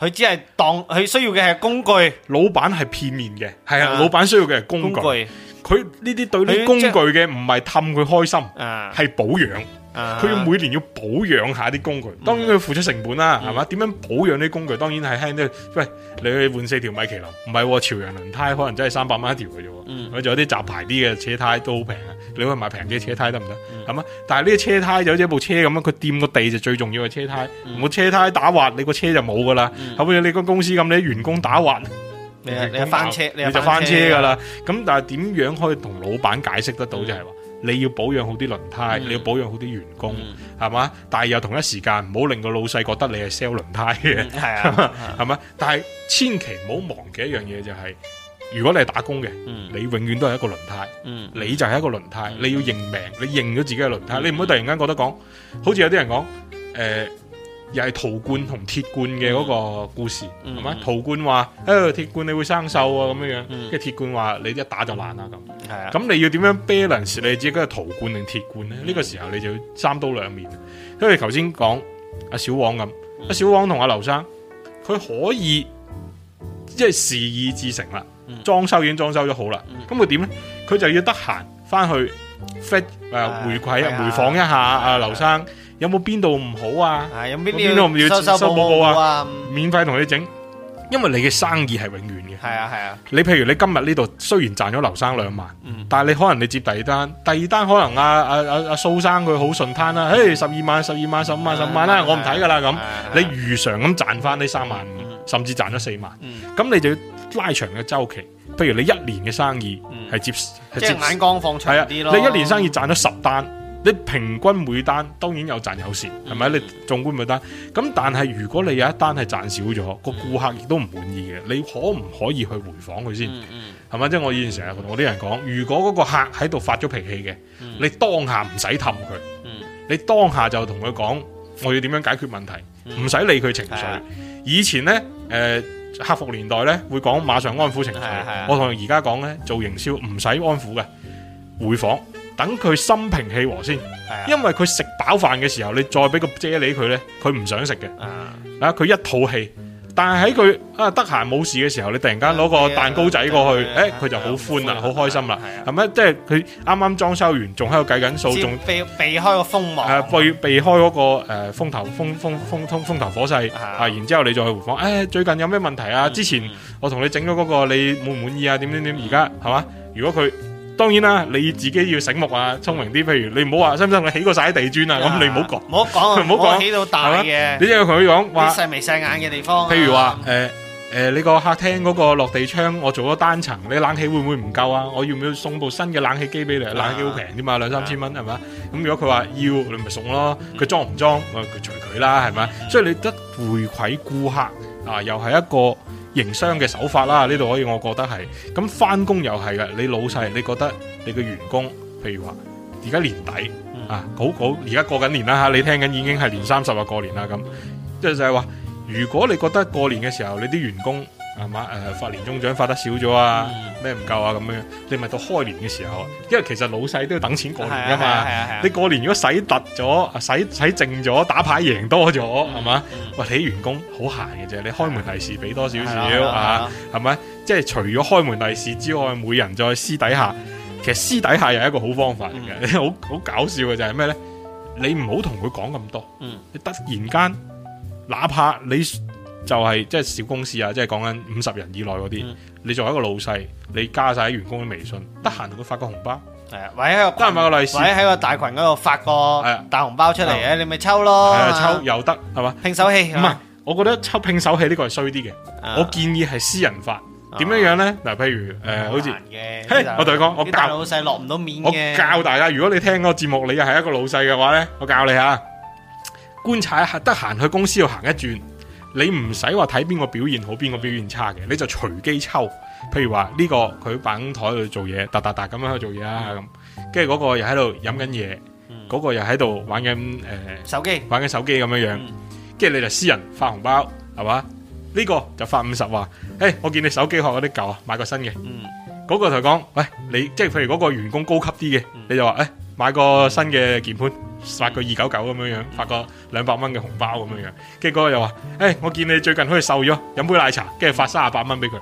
嗯、只係當佢需要嘅係工具，老闆係片面嘅，係啊，啊，老闆需要嘅係工具，佢呢啲對你，工具嘅唔係氹佢開心，係、就是、保養。嗯佢、啊、要每年要保養下啲工具，當然佢付出成本啦，係、嗯、嘛？點樣保養啲工具？當然係慳啲。喂，你去換四條米其林，唔係朝陽輪胎，可能真係三百蚊一條嘅啫。佢、嗯、仲有啲雜牌啲嘅車胎都好平啊，你可以買平啲車胎得唔得？係、嗯、嘛？但係呢個車胎就好似一部車咁樣，佢掂個地就最重要嘅車胎。如果、嗯、車胎打滑，你個車就冇噶啦。好、嗯、似你個公司咁，你員工打滑，你你就翻車，你就翻車噶啦。咁、嗯、但係點樣可以同老闆解釋得到就係話？你要保養好啲輪胎、嗯，你要保養好啲員工，係、嗯、嘛？但係又同一時間，唔好令個老細覺得你係 sell 輪胎嘅，係、嗯、嘛、啊？ <laughs> 但係千祈唔好忘記一樣嘢、就是，就係如果你係打工嘅、嗯，你永遠都係一個輪胎、嗯，你就係一個輪胎、嗯，你要認命，你認咗自己嘅輪胎，嗯、你唔好突然間覺得講，好似有啲人講，誒、呃。又係陶罐同鐵罐嘅嗰個故事，係、嗯、咪？陶罐話：，誒、哎，鐵罐你會生銹啊，咁樣樣。跟住鐵罐話：，你一打就爛啦，咁、嗯。係啊，咁你要點樣 balance 你自己嗰個陶罐定鐵罐咧？呢、嗯這個時候你就要三刀兩面。因為頭先講阿小黃，咁、阿、嗯、小黃同阿劉生，佢可以即係事意至成啦，裝、嗯、修已經裝修咗好啦。咁佢點咧？佢就要得閒翻去 fit 誒、嗯啊、回饋啊回訪一下阿劉生。有冇邊度唔好啊？邊、啊、度要修修補補啊？免費同你整，因為你嘅生意係永遠嘅。係啊係啊，你譬如你今日呢度雖然賺咗劉生兩萬，嗯、但係你可能你接第二單，第二單可能阿阿阿蘇生佢好順攤啦，誒十二萬十二萬十五萬十、啊、萬啦、啊，我唔睇噶啦咁，啊、你如常咁賺翻呢三萬五、嗯，甚至賺咗四萬，咁、嗯、你就要拉長嘅周期。譬如你一年嘅生意係接，即、嗯、係、就是、眼光放長啲、啊、你一年生意賺咗十單。你平均每單當然有賺有蝕，係、嗯、咪？你縱觀每單，咁但係如果你有一單係賺少咗，個顧客亦都唔滿意嘅，你可唔可以去回訪佢先？係、嗯、咪？即、嗯、係我以前成日同我啲人講，如果嗰個客喺度發咗脾氣嘅、嗯，你當下唔使氹佢，你當下就同佢講，我要點樣解決問題，唔、嗯、使理佢情緒、啊。以前呢，誒、呃，客服年代呢，會講馬上安撫情緒、啊啊，我同佢而家講呢，做營銷唔使安撫嘅回訪。等佢心平氣和先，啊、因為佢食飽飯嘅時候，你再俾個啫喱佢呢，佢唔想食嘅。啊，佢、啊、一肚氣，但係喺佢啊得閒冇事嘅時候，你突然間攞個蛋糕仔過去，佢、啊欸啊、就好歡啦，好、啊啊、開心啦，係咪、啊？即係佢啱啱裝修完，仲喺度計緊數，仲、啊、避，避開開個風芒、啊避，避開開、那、嗰個誒、呃、風，風，風，風，風，風，風頭風風風通火勢啊，啊。然之後你再去回訪，誒、啊，最近有咩問題啊？嗯、之前我同你整咗嗰個，你滿唔滿意啊？點點點，而家係嘛？如果佢。當然啦，你自己要醒目啊，聰明啲。譬如你唔好話，使唔使我起過晒地磚啊？咁、啊、你唔好講，唔好講，唔好講起到大嘅。你即要同佢講話細眉細眼嘅地方、啊。譬如話誒誒，你個客廳嗰個落地窗，我做咗單層，你冷氣會唔會唔夠啊？我要唔要送部新嘅冷氣機俾你？冷氣機好平啫嘛，兩三千蚊係咪？咁、嗯、如果佢話要，你咪送咯。佢裝唔裝，佢隨佢啦係咪？所以你得回饋顧客啊，又係一個。營商嘅手法啦，呢度可以，我覺得係咁翻工，又係嘅。你老細，你覺得你嘅員工，譬如話而家年底啊，好好而家過緊年啦吓，你聽緊已經係年三十啊，過年啦咁，即係就係話，如果你覺得過年嘅時候你啲員工。阿媽誒，發年終獎發得少咗啊？咩唔夠啊？咁樣你咪到開年嘅時候，因為其實老細都要等錢過年噶嘛、啊啊啊。你過年如果使突咗，使使剩咗，打牌贏多咗，係、嗯、嘛？喂、嗯，你員工好閒嘅啫，你開門利是俾多少少啊？係咪、啊？即係、啊啊就是、除咗開門利是之外，每人再私底下，其實私底下又係一個好方法嚟嘅。嗯、 <laughs> 好好搞笑嘅就係咩咧？你唔好同佢講咁多。你突然間，哪怕你。就係即係小公司啊，即係講緊五十人以內嗰啲，嗯、你作為一個老細，你加晒員工嘅微信，得閒同佢發個紅包，係啊，或者一個，得閒買個利是，或者喺個大群嗰度發個大紅包出嚟、啊、你咪抽咯、係啊，抽又得係嘛，拼手氣唔係，我覺得抽拼手氣呢個係衰啲嘅，我建議係私人發，點樣樣咧？嗱、啊，譬如誒、啊呃，好似，我對你講，我老細落唔到面，我教大家，如果你聽我節目，你又係一個老細嘅話咧，我教你吓，觀察一下，得閒去公司要行一轉。你唔使話睇邊個表現好，邊個表現差嘅，你就隨機抽。譬如話呢、這個佢喺辦公台度做嘢，噠噠噠咁樣去做嘢啦。咁跟住嗰個又喺度飲緊嘢，嗰、嗯那個又喺度玩緊誒、呃、手機，玩緊手機咁樣樣。跟、嗯、住你就私人發紅包，係嘛？呢、這個就發五十話。誒、嗯，我見你手機殼嗰啲舊啊，買個新嘅。嗯，嗰、那個就講喂，你即係譬如嗰個員工高級啲嘅、嗯，你就話誒。哎買個新嘅鍵盤，發個二九九咁樣樣，發個兩百蚊嘅紅包咁樣樣。跟住嗰個又話：誒、欸，我見你最近好似瘦咗，飲杯奶茶，跟住發三十八蚊俾佢。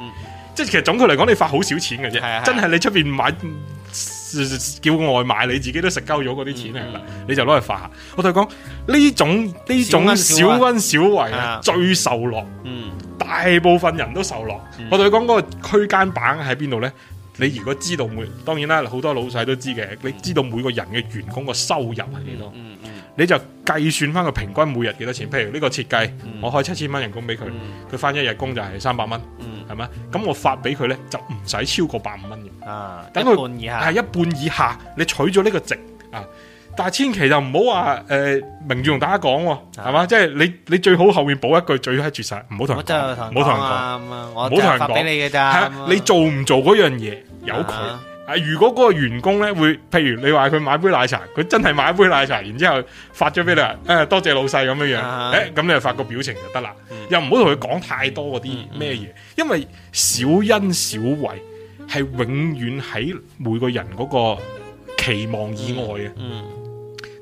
即、嗯、係其實總括嚟講，你發好少錢嘅啫，啊、真係你出邊買叫外賣，你自己都食鳩咗嗰啲錢啊、嗯，你就攞嚟發下。我同佢講呢種呢種小恩小惠啊，最受落。大部分人都受落。我同佢講嗰個區間板喺邊度咧？你如果知道每，當然啦，好多老細都知嘅、嗯。你知道每個人嘅員工嘅收入係幾多，你就計算翻個平均每日幾多錢、嗯。譬如呢個設計、嗯，我開七千蚊人工俾佢，佢、嗯、翻一日工就係三百蚊，係、嗯、咪？咁我發俾佢咧就唔使超過百五蚊嘅。啊，等佢係一半以下，你取咗呢個值啊。但係千祈就唔好話誒，明住同大家講係嘛，即係、啊就是、你你最好後面補一句最好絕殺，唔好同人講，唔好同人講，唔好同人講俾、啊、你嘅咋、啊。你做唔做嗰樣嘢？有佢啊！如果嗰個員工咧會，譬如你話佢買杯奶茶，佢真係買一杯奶茶，然之後發咗俾你，誒，多謝老細咁樣樣，誒、 <laughs> 欸，咁你就發個表情就得啦、嗯，又唔好同佢講太多嗰啲咩嘢，因為小恩小惠係永遠喺每個人嗰個期望以外嘅、嗯嗯，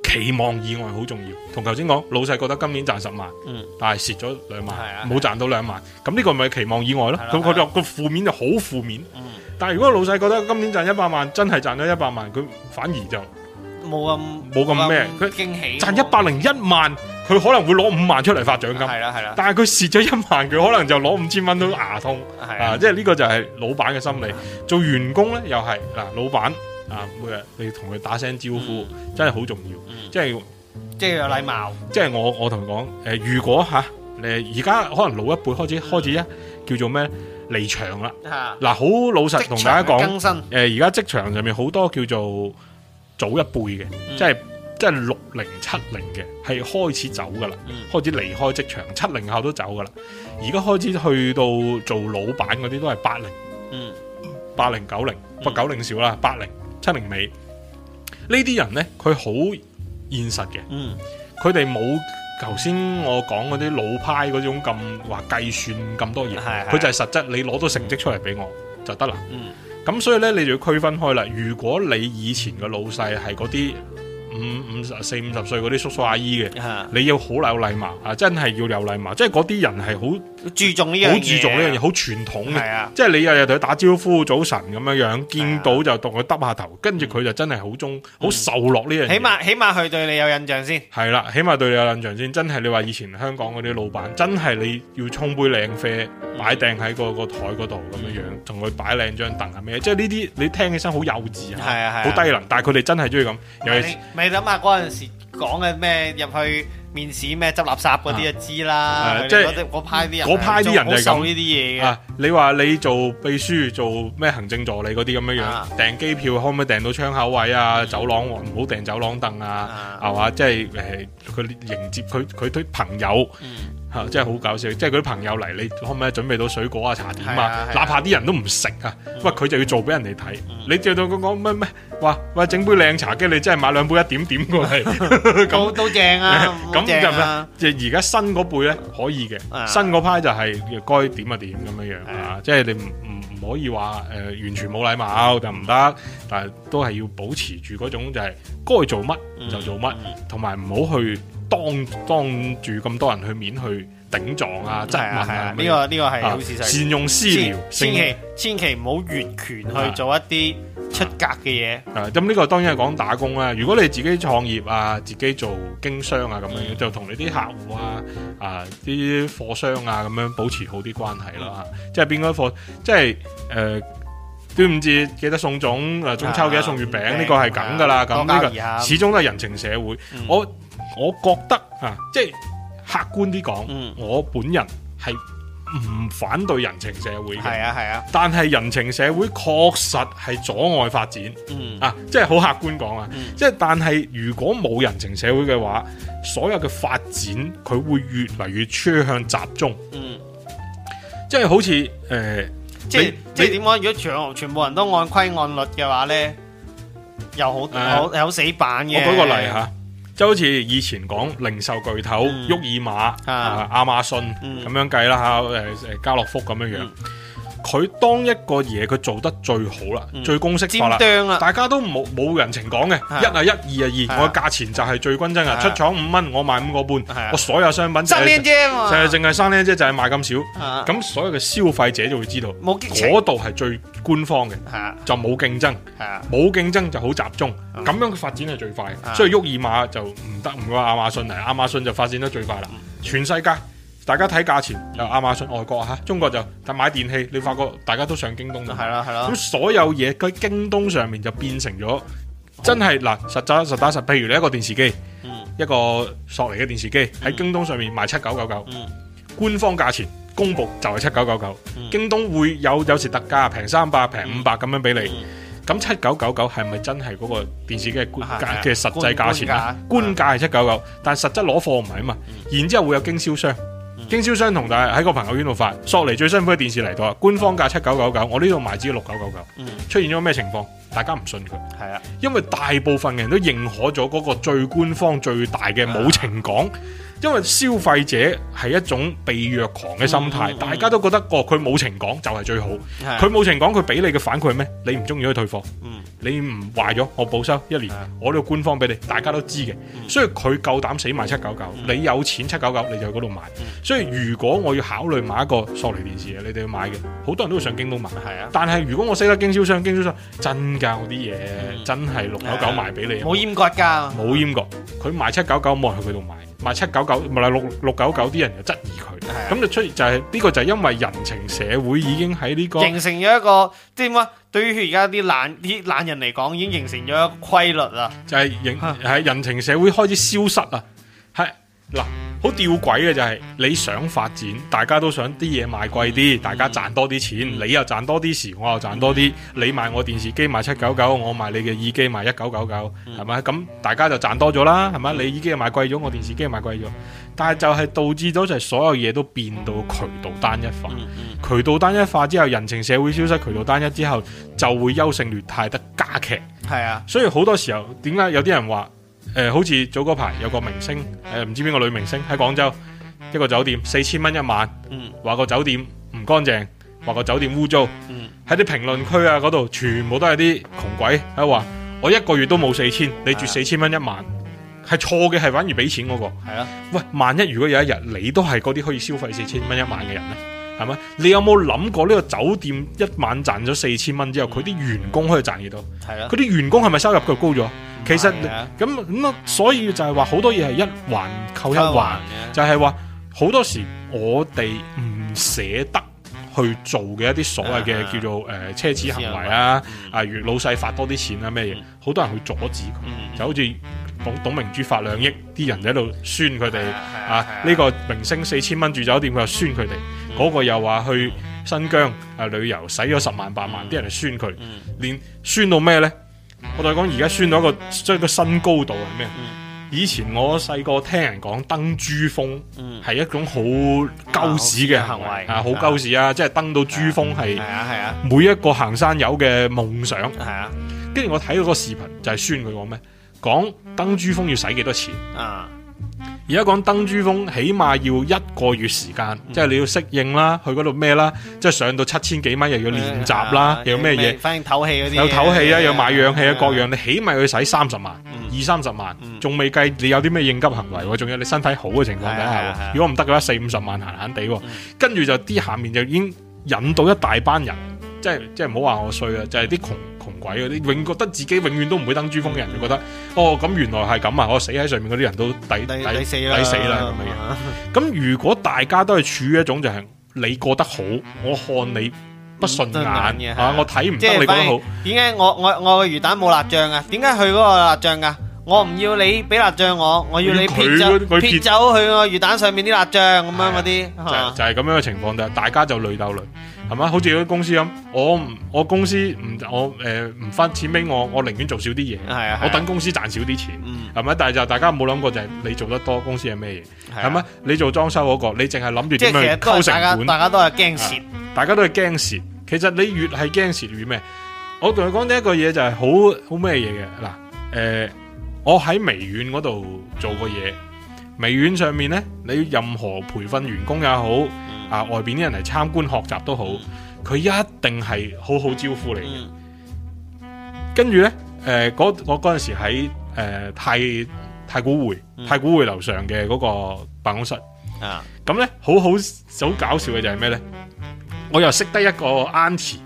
期望以外好重要。同頭先講，老細覺得今年賺十萬，嗯、但係蝕咗兩萬，冇賺、啊啊、到兩萬，咁呢個咪期望以外咯？咁佢個負面就好負面。嗯嗯但如果老細覺得今年賺一百萬，真係賺咗一百萬，佢反而就冇咁冇咁咩，佢驚喜賺一百零一萬，佢、嗯、可能會攞五萬出嚟發獎金。係啦係啦，但係佢蝕咗一萬，佢可能就攞五千蚊都牙痛、嗯、啊！即係呢個就係老闆嘅心理、嗯，做員工咧又係嗱，老闆啊、嗯，每日你同佢打聲招呼，嗯、真係好重要，嗯、即係即係有禮貌。即係我我同佢講，誒，如果吓誒而家可能老一輩開始開始咧、嗯、叫做咩？離場啦！嗱、啊，好老實同大家講，誒、呃，而家職場上面好多叫做早一輩嘅、嗯，即係即係六零七零嘅，係開始走噶啦、嗯，開始離開職場，七零後都走噶啦，而家開始去到做老闆嗰啲都係八零，嗯，八零九零，八九零少啦，八零七零尾，呢啲人呢，佢好現實嘅，嗯，佢哋冇。頭先我講嗰啲老派嗰種咁話計算咁多嘢，佢就係實質你攞到成績出嚟俾我就得啦。咁、嗯、所以呢，你就要區分開啦。如果你以前嘅老細係嗰啲五五,四五十四五十歲嗰啲叔叔阿姨嘅，的你要好有禮貌啊！真係要有禮貌，即係嗰啲人係好。注重呢樣嘢，好注重呢樣嘢，好、啊、傳統嘅、啊，即係你日日同佢打招呼早晨咁樣樣，見到就同佢耷下頭，跟住佢就真係好中，好、嗯、受落呢樣。起碼起碼佢對你有印象先。係、嗯、啦，起碼對你有印象先，真係你話以前香港嗰啲老闆，真係你要沖杯靚啡、嗯、擺定喺個個台嗰度咁樣樣，同、嗯、佢擺靚張凳係咩？即係呢啲你聽起身好幼稚，係啊好低能，啊、但係佢哋真係中意咁。未諗埋嗰陣時。嗯講嘅咩入去面試咩執垃圾嗰啲、啊、就知啦。即係我派啲人，我派啲人係咁呢啲嘢。啊，啊你話你做秘書做咩行政助理嗰啲咁樣樣，訂機票可唔可以訂到窗口位啊？嗯、走廊唔好訂走廊凳啊，係、啊、嘛？即係誒佢迎接佢佢朋友。嗯嗯、真係好搞笑！即係佢啲朋友嚟，你可唔可以準備到水果啊、茶點啊？啊啊哪怕啲人都唔食啊，喂、嗯，佢就要做俾人哋睇。你再到佢講咩咩，哇！喂，整杯靚茶嘅，你真係買兩杯一點點過嚟，都、嗯嗯、都正啊！咁、嗯啊、就啦。而而家新嗰輩咧，可以嘅、啊。新嗰批就係要該點啊點咁樣樣啊，即、就、係、是、你唔唔唔可以話誒、呃、完全冇禮貌就唔得，但係都係要保持住嗰種就係該做乜就做乜，同埋唔好去。當當住咁多人去面去頂撞啊！即係係啊，呢個呢個係善用私聊，千祈千祈唔好越權去做一啲出格嘅嘢。啊、嗯，咁呢、嗯嗯、個當然係講打工啦、啊。如果你自己創業啊、嗯，自己做經商啊，咁、嗯、樣就同你啲客戶啊、嗯、啊啲貨商啊，咁樣保持好啲關係啦。即係邊個貨，即係誒端午節記得送粽，誒中秋記得送月餅，呢、嗯這個係咁噶啦。咁呢個始終都係人情社會，我。我覺得、啊、即係客觀啲講、嗯，我本人係唔反對人情社會嘅，係啊係啊。但係人情社會確實係阻礙發展，嗯啊，即係好客觀講啊、嗯，即係但係如果冇人情社會嘅話，所有嘅發展佢會越嚟越趨向集中，嗯，即係好似誒、欸，即係即係點講？如果全全部人都按規按律嘅話咧，又好、嗯、又好好、啊、死板嘅。我舉個例吓。啊就好似以前講零售巨頭沃爾瑪、亞、嗯、馬遜咁、嗯啊嗯、樣計啦吓，誒，家樂福咁樣樣。嗯佢當一個嘢佢做得最好啦、嗯，最公式化啦，尖啊、大家都冇冇人情講嘅，啊、一係一，二係二，啊、我價錢就係最均真嘅，啊、出廠五蚊，我賣五個半，啊、我所有商品、就是，啫、啊，年就係淨係生煎啫，就係賣咁少，咁、啊、所有嘅消費者就會知道，嗰度係最官方嘅，啊、就冇競爭，冇競、啊、爭就好集中，咁、啊、樣嘅發展係最快，啊、所以沃爾瑪就唔得，唔過亞馬遜嚟，亞馬遜就發展得最快啦，全世界。大家睇價錢，阿亞馬遜、嗯、外國嚇，中國就但買電器，你發覺大家都上京東。係、就、啦、是，係啦。咁所有嘢喺京東上面就變成咗真係嗱、嗯，實質實打實在。譬如你一個電視機，嗯、一個索尼嘅電視機喺京東上面賣七九九九，官方價錢公佈就係七九九九。京東會有有時特價平三百、平五百咁樣俾你。咁七九九九係咪真係嗰個電視機嘅官價嘅、啊、實際價錢咧？官價係七九九，啊、799，但實質攞貨唔係啊嘛。嗯、然之後會有經銷商。經銷商同大家喺個朋友圈度發索尼最新款電視嚟到啊，官方價七九九九，我呢度賣只六九九九。嗯，出現咗咩情況？大家唔信佢，係啊，因為大部分人都認可咗嗰個最官方最大嘅冇情講。因為消費者係一種被虐狂嘅心態，嗯嗯，大家都覺得哦，佢冇情講就係最好，佢冇、啊、情講，佢俾你嘅反饋係咩？你唔中意去退貨，嗯，你唔壞咗我保修一年，啊、我呢個官方俾你，大家都知嘅，嗯。所以佢夠膽死賣七九九，你有錢七九九你就喺嗰度買。所以如果我要考慮買一個索尼電視嘅，你哋要買嘅，好多人都會上京東買，係啊。但係如果我識得經銷商，經銷商真㗎啲嘢真係六九九賣俾你，冇閹割噶，冇閹割，佢賣七九九，冇人去佢度買。同埋七九九，唔係六六九九，啲人就質疑佢，咁就出現，就係、是、呢、這個就係因為人情社會已經喺呢、這個形成咗一個即係點啊？對於而家啲懶啲懶人嚟講，已經形成咗一個規律啦，就係形係人情社會開始消失啦，係嗱。好吊詭嘅就係你想發展，大家都想啲嘢賣貴啲，大家賺多啲錢，你又賺多啲時，我又賺多啲，你賣我電視機賣七九九，我賣你嘅耳機賣一九九九，係咪？咁大家就賺多咗啦，係咪？你耳機賣貴咗，我電視機賣貴咗，但係就係導致咗就係所有嘢都變到渠道單一化，渠道單一化之後，人情社會消失，渠道單一之後就會優勝劣汰得加劇，係啊，所以好多時候點解有啲人話？誒、呃，好似早嗰排有個明星，誒、呃、唔知邊個女明星喺廣州一個酒店四千蚊一晚，話、嗯、個酒店唔乾淨，話個酒店污糟，喺啲評論區啊嗰度全部都係啲窮鬼喺話，我一個月都冇四千，你住四千蚊一晚，係錯嘅係反而俾錢嗰、嗰個。係啊，喂，萬一如果有一日你都係嗰啲可以消費四千蚊一晚嘅人呢，係咪？你有冇諗過呢個酒店一晚賺咗四千蚊之後，佢、嗯、啲員工可以賺幾多？係啊，佢啲員工係咪收入高咗？其實咁咁啊，所以就係話好多嘢係一環扣一環，就係話好多時我哋唔捨得去做嘅一啲所謂嘅叫做誒、呃、奢侈行為啊，啊、嗯、如老細發多啲錢啊，咩嘢，好、嗯、多人去阻止佢、嗯，就好似董董明珠發兩億，啲人喺度酸佢哋、嗯嗯、啊，呢、啊啊啊這個明星四千蚊住酒店佢又酸佢哋，嗰、嗯那個又話去新疆啊、呃、旅遊使咗十萬八萬，啲人酸佢，連酸到咩咧？我同你講而家宣到一個即係個新高度係咩？以前我細個聽人講登珠峰係一種好鳩屎嘅行為啊，好鳩、啊啊、屎啊！啊即係登到珠峰係啊，係啊，每一個行山友嘅夢想係啊。跟住、啊啊、我睇到個視頻就係、是、宣佢講咩，講登珠峰要使幾多錢啊？而家講登珠峰起碼要一個月時間，即係你要適應啦，去嗰度咩啦，即係上到七千幾米又要練習啦，又要咩嘢？反正唞氣啲，有唞氣啊，又買氧氣啊，各樣你起碼要使三十萬、二三十萬，仲未計你有啲咩應急行為喎，仲有你身體好嘅情況底下，如果唔得嘅話，四五十萬閒閒地，跟住就啲下面就已經引到一大班人，即係即係唔好話我衰啊，就係、是、啲窮。窮鬼嗰啲永覺得自己永遠都唔會登珠峰嘅人、嗯，就覺得哦咁原來係咁啊！我死喺上面嗰啲人都抵抵,抵,抵死啦咁樣。咁、啊、如果大家都係處於一種就係、是、你過得好，我看你不順眼啊,啊，我睇唔得、就是、你過得好。點解我我我個魚蛋冇辣醬啊？點解佢嗰個辣醬啊？我唔要你俾辣醬我，我要你撇走撇,撇走佢個魚蛋上面啲辣醬咁、啊、樣嗰啲、啊啊。就是、就係、是、咁樣嘅情況就，大家就累鬥累。係嘛？好似嗰啲公司咁，我我公司唔我誒唔、呃、分錢俾我，我寧願做少啲嘢。係啊，我等公司賺少啲錢。嗯，係咪？但係就大家冇諗過就係你做得多，公司係咩嘢？係咪、啊？你做裝修嗰、嗰個，你淨係諗住點樣溝成本都大家？大家都係驚蝕，大家都係驚蝕。其實你越係驚蝕越咩？我同你講呢一個嘢就係好好咩嘢嘅嗱。誒、呃，我喺微軟嗰度做過嘢。微院上面呢，你任何培訓員工也好，啊外邊啲人嚟參觀學習都好，佢一定係好好招呼你嘅。跟住呢，誒、呃，我嗰陣時喺誒、呃、太太古匯太古匯樓上嘅嗰個辦公室啊，咁呢，好好好搞笑嘅就係咩呢？我又識得一個 Auntie。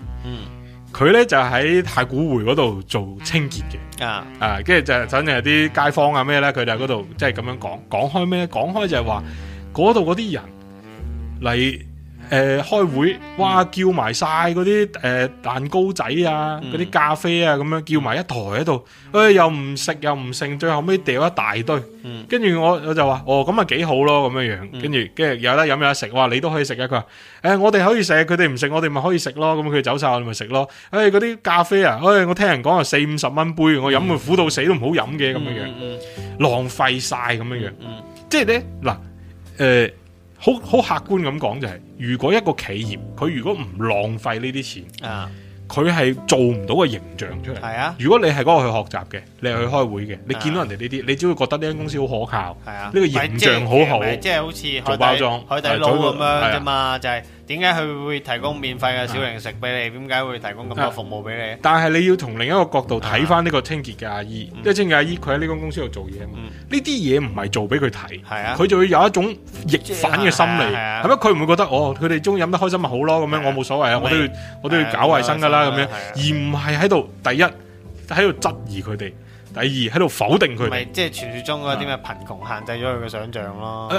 佢咧就喺太古匯嗰度做清潔嘅，啊啊，跟住就反正有啲街坊啊咩咧，佢就喺嗰度即係咁樣講講開咩，講開就係話嗰度嗰啲人嚟。誒、呃，開會哇，叫埋晒嗰啲誒蛋糕仔啊，嗰、嗯、啲咖啡啊，咁樣叫埋一台喺度，誒、哎、又唔食又唔剩，最後尾掉一大堆，跟住我我就話，哦咁啊幾好咯咁樣樣，跟住跟住有得飲有得食，哇你都可以食啊，佢話，誒、哎、我哋可以食，佢哋唔食，我哋咪可以食咯，咁佢走晒我哋咪食咯，誒嗰啲咖啡啊，誒、哎、我聽人講話四五十蚊杯，我飲啊苦到死都唔好飲嘅咁樣樣，浪費晒咁樣樣，嗯嗯、即係咧嗱誒。好好客觀咁講就係、是，如果一個企業佢如果唔浪費呢啲錢，啊，佢係做唔到個形象出嚟。係啊，如果你係嗰個去學習嘅，你係去開會嘅、啊，你見到人哋呢啲，你只會覺得呢間公司好可靠。係啊，呢、這個形象好好。即係好似做包裝海底撈咁樣啫嘛、啊，就係、是。點解佢會提供免費嘅小零食俾你？點解會提供咁多服務俾你？但係你要從另一個角度睇翻呢個清潔嘅阿姨，即、嗯、係清潔嘅阿姨佢喺呢間公司度、嗯、做嘢，呢啲嘢唔係做俾佢睇，佢就會有一種逆反嘅心理，係咪、啊？佢唔、啊啊、會覺得哦，佢哋中意飲得開心咪好咯，咁樣、啊、我冇所謂啊，我都要我都要、啊、我都要搞衞生噶啦，咁、啊、樣，是啊是啊、而唔係喺度第一喺度質疑佢哋。第二喺度否定佢，唔係即係傳說中嗰啲咩貧窮限制咗佢嘅想象咯。誒、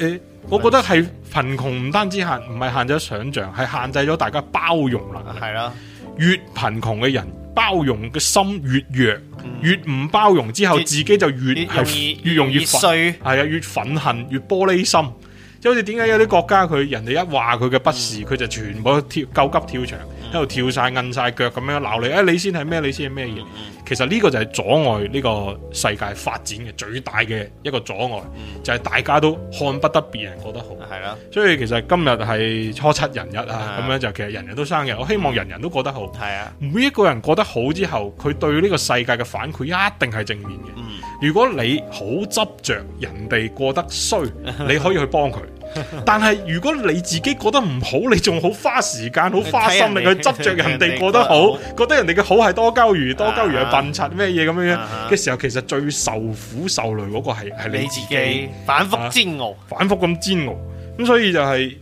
呃、誒、呃，我覺得係貧窮唔單止限，唔係限咗想象，係限制咗大家包容能力。係啦，越貧窮嘅人包容嘅心越弱，嗯、越唔包容之後自己就越係越容易越，越碎。係啊，越憤恨越玻璃心。即好似點解有啲國家佢人哋一話佢嘅不是，佢、嗯、就全部跳救急跳牆。喺度跳晒、摁晒腳咁樣鬧你，誒、哎，你先係咩？你先係咩嘢？其實呢個就係阻礙呢個世界發展嘅最大嘅一個阻礙、嗯，就係、是、大家都看不得別人過得好。係、嗯、啦，所以其實今日係初七人日、嗯、啊，咁樣就其實人人都生日，我希望人人都過得好。係、嗯、啊，每一個人過得好之後，佢對呢個世界嘅反饋一定係正面嘅、嗯。如果你好執着人哋過得衰，你可以去幫佢。 <laughs> <laughs> 但係如果你自己覺得唔好，你仲好花時間、好花心力去執着人哋過得,得好，覺得人哋嘅好係多鳩魚、啊、多鳩魚係笨賊咩嘢咁樣嘅、啊啊、時候，其實最受苦受累嗰個係係你自己，自己反覆煎熬，啊、反覆咁煎熬。咁所以就係、是，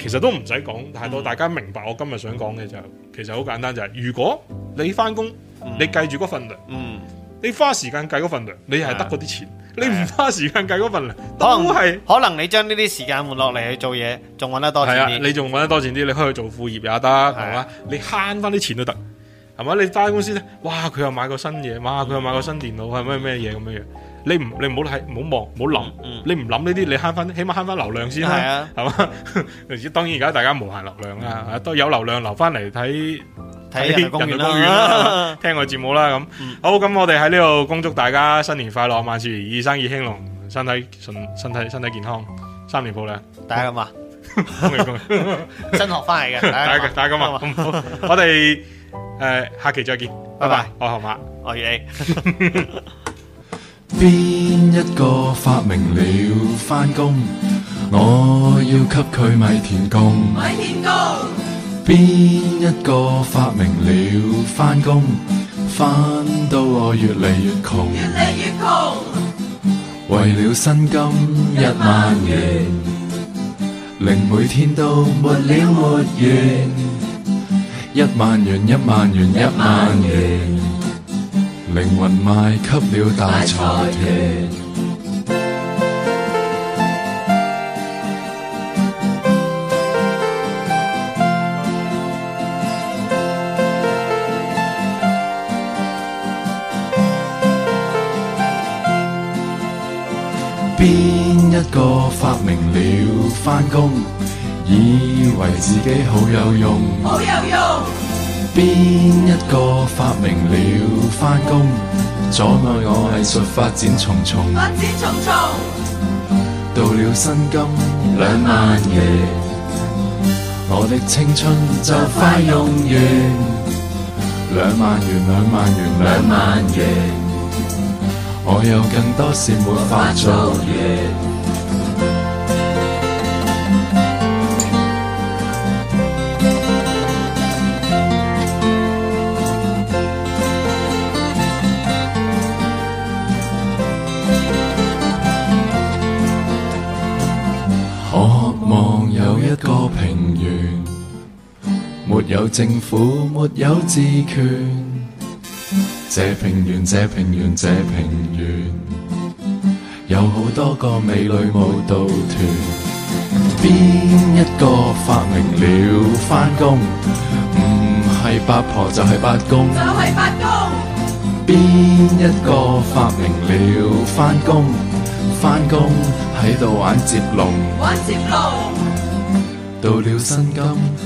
其實都唔使講太多，但大家明白我今日想講嘅就是，其實好簡單就係、是，如果你翻工，你計住嗰份糧、嗯，嗯，你花時間計嗰份糧，你係得嗰啲錢。啊你唔花時間計嗰份糧，都係可，可能你將呢啲時間換落嚟去做嘢，仲、嗯、揾得多錢、啊、你仲揾得多錢啲，你可以去做副業也得，係嘛、啊？你慳翻啲錢都得，係嘛？你翻公司咧，哇！佢又買個新嘢，哇！佢又買個新電腦，係咩咩嘢咁樣樣。你唔你唔好睇，唔好望，唔好諗。你唔諗呢啲，你慳翻、嗯，起碼慳翻流量先啦，係嘛、啊？ <laughs> 當然而家大家無限流量啦、啊，都有流量留翻嚟，睇睇公園啦、啊，聽我節目啦。咁、嗯、好，咁我哋喺呢度恭祝大家新年快樂，萬事如意，生意興隆，身體順，身體身體健康，三年抱兩。大家咁話！恭喜恭喜！新學翻嚟嘅。大家咁話！我哋誒、呃，下期再見，拜拜。我河馬我 A。 <laughs> <laughs> 邊一個發明了翻工，我要給佢米田共、米田共。邊一個發明了翻工，翻到我越嚟越窮，越嚟越窮。為了薪金一萬元，令每天都沒了沒完，一萬元、一萬元、一萬元。一萬元、一萬元靈魂賣給了大財團，邊一個發明了翻工，以為自己好有用，好有用。邊一個發明了返工，阻礙我藝術發展重重。發展重重到了薪金兩萬元，我的青春就快用完。兩萬元，兩萬元，兩萬元，我有更多事沒法做完。有政府沒有自權，這平原這平原這平原，有好多個美女舞蹈團，邊一個發明了返工，唔係、嗯、八婆就係、是、八公，就係、是、八公，邊一個發明了返工，返工喺度玩接龍，玩接龍，到了薪金。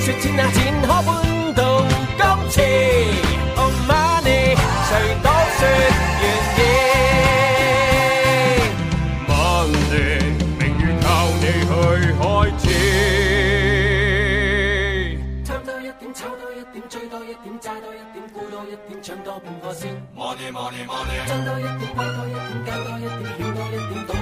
說錢啊錢可搬到金錢，哦 money，誰都說願意。money，命運靠你去開始。貪多一點，抄多一點，追多一點，揸多一點，沽多一點，搶多半個先。money money money，掙多一點，買多一點，加多一點。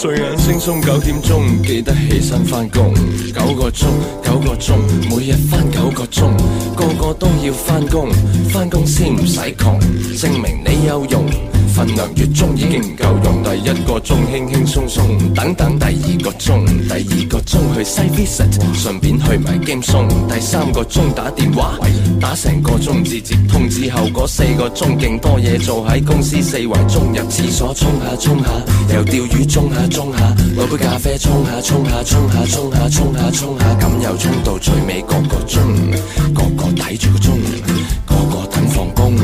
睡眼惺忪九點鐘，記得起身返工。九個鐘，九個鐘，每日返九個鐘，個個都要返工，返工先唔使窮，證明你有用。份糧月中已經唔夠用，第一個鐘輕輕鬆鬆，等等第二個鐘，第二個鐘去西 visit，順便去埋京松。第三個鐘打電話，打成個鐘至接通之後，嗰四個鐘勁多嘢做喺公司四圍，鐘入廁所沖下沖下，又釣魚沖下沖下，攞杯咖啡沖下沖下沖下沖下沖下沖下，咁又沖到最尾個個鐘，個個睇住個鐘，個個等放工。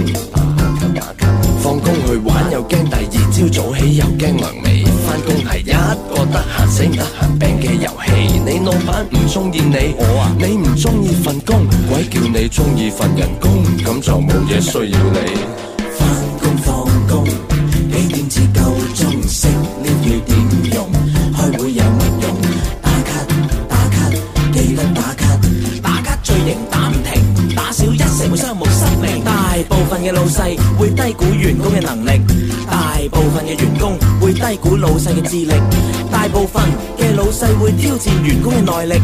放工去玩又驚，第二朝早起又驚涼尾。翻工係一個得閒死唔得閒病嘅遊戲。你老闆唔中意你，我你唔中意份工，鬼叫你中意份人工，咁就冇嘢需要你。嘅老細會低估員工嘅能力，大部分嘅員工會低估老細嘅智力，大部分嘅老細會挑戰員工嘅耐力，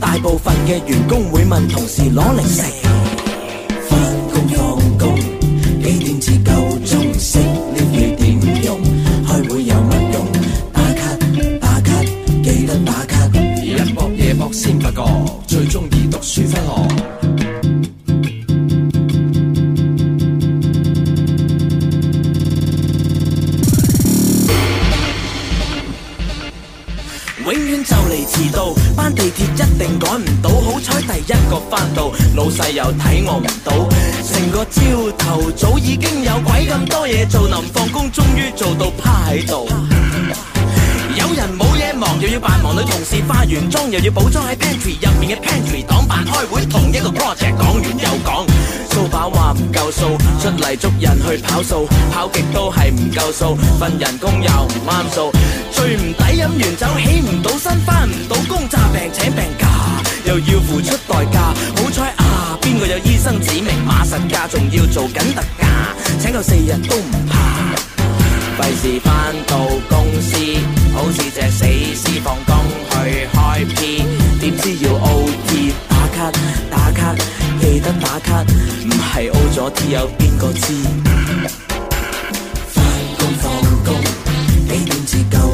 大部分嘅員工會問同事攞零食。老細又睇我唔到，成個朝頭早已經有鬼咁多嘢做，臨放工終於做到趴喺度。有人冇嘢忙又要扮忙，女同事化完妝又要補妝喺 pantry 入面嘅 pantry 黨辦開會，同一個 project 講完又講，掃把話唔夠數，出嚟捉人去跑數，跑極都係唔夠數，份人工又唔啱數，最唔抵飲完酒起唔到身，返唔到工詐病請病假，又要付出代價，好彩。邊個有醫生紙，明碼實價，仲要做緊特價，請夠四日都唔怕。費事翻到公司，好似隻死屍，放工去開 P，點知要 O T <noise> 打卡打卡，記得打卡，唔係 O 咗 T 有邊個知？翻工放工，幾點至夠？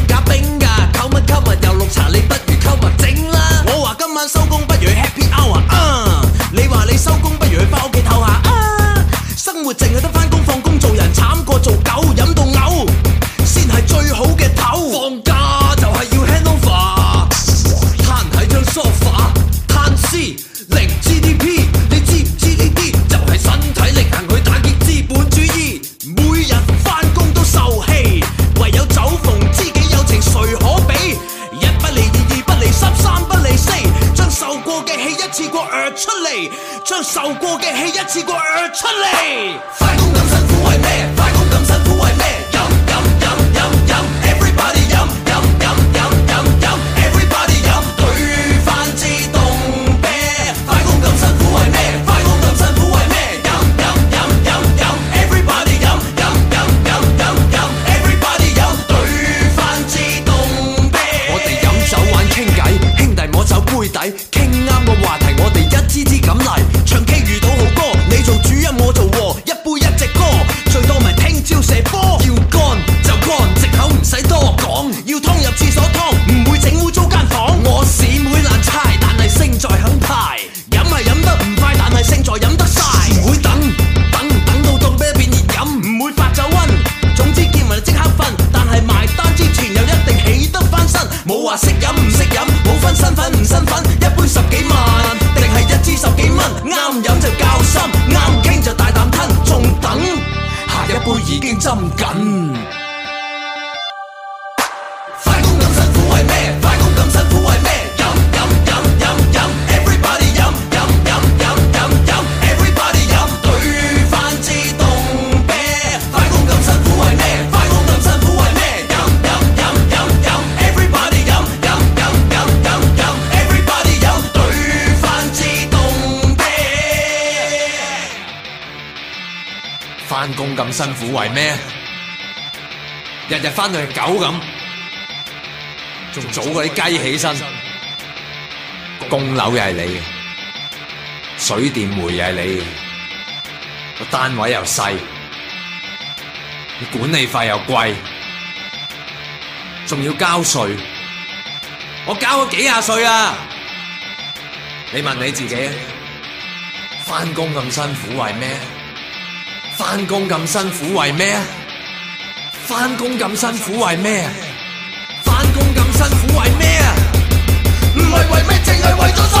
乜購物又綠茶，你不如購物整啦！我話今晚收工不如去 Happy Hour，啊、uh！你話你收工不如去返屋企唞下，啊、uh！生活淨係得返受過嘅氣，一次過出嚟。咁辛苦為咩？日日翻到係狗咁，仲早過啲雞起身。供樓又係你嘅，水電煤又係你嘅，個單位又細，管理費又貴，仲要交稅。我交咗幾廿稅啊？你問你自己，翻工咁辛苦為咩？返工咁辛苦為咩啊？返工咁辛苦為咩啊？返工咁辛苦為咩啊？唔係為咩，淨係為咗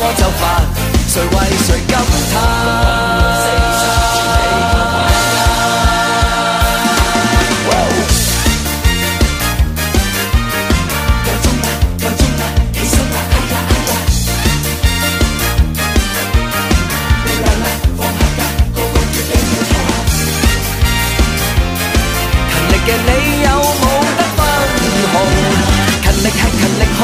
我就煩，誰為誰感嘆？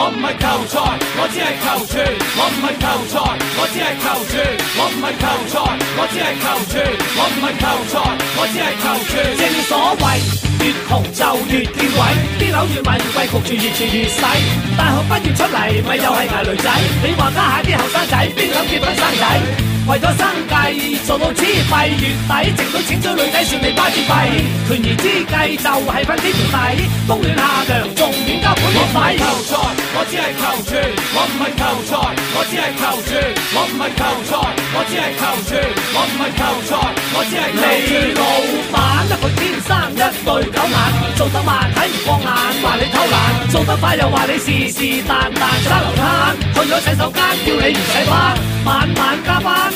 我唔係求財，我只係求住。我唔係求財，我只係求住。我唔係求財，我只係求住。我唔係求財，我只係求住。正所謂，越窮就越見鬼。啲樓，那個，越賣越貴，焗住越住越使。大學畢業出嚟，咪又係挨女仔。你話家下啲後生仔，邊敢結婚生仔？為咗生計做到資費月底掙到錢追女仔算你巴結費，權宜之計就係瞓天台，冬暖夏涼重免加半點米。我唔係求財，我只係求存。我唔係求財，我只係求存。我唔係求財，我只係求存。我唔係求財，我只係你老闆一個天生一對狗眼，做得慢睇唔過眼，話你偷懶做得快又話你事事但但。沙漏攤去咗洗手間，叫你唔使班，晚晚加班。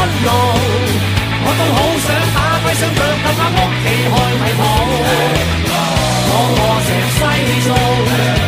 我都好想打龜雙腳，留返屋企開米鋪，我餓成西做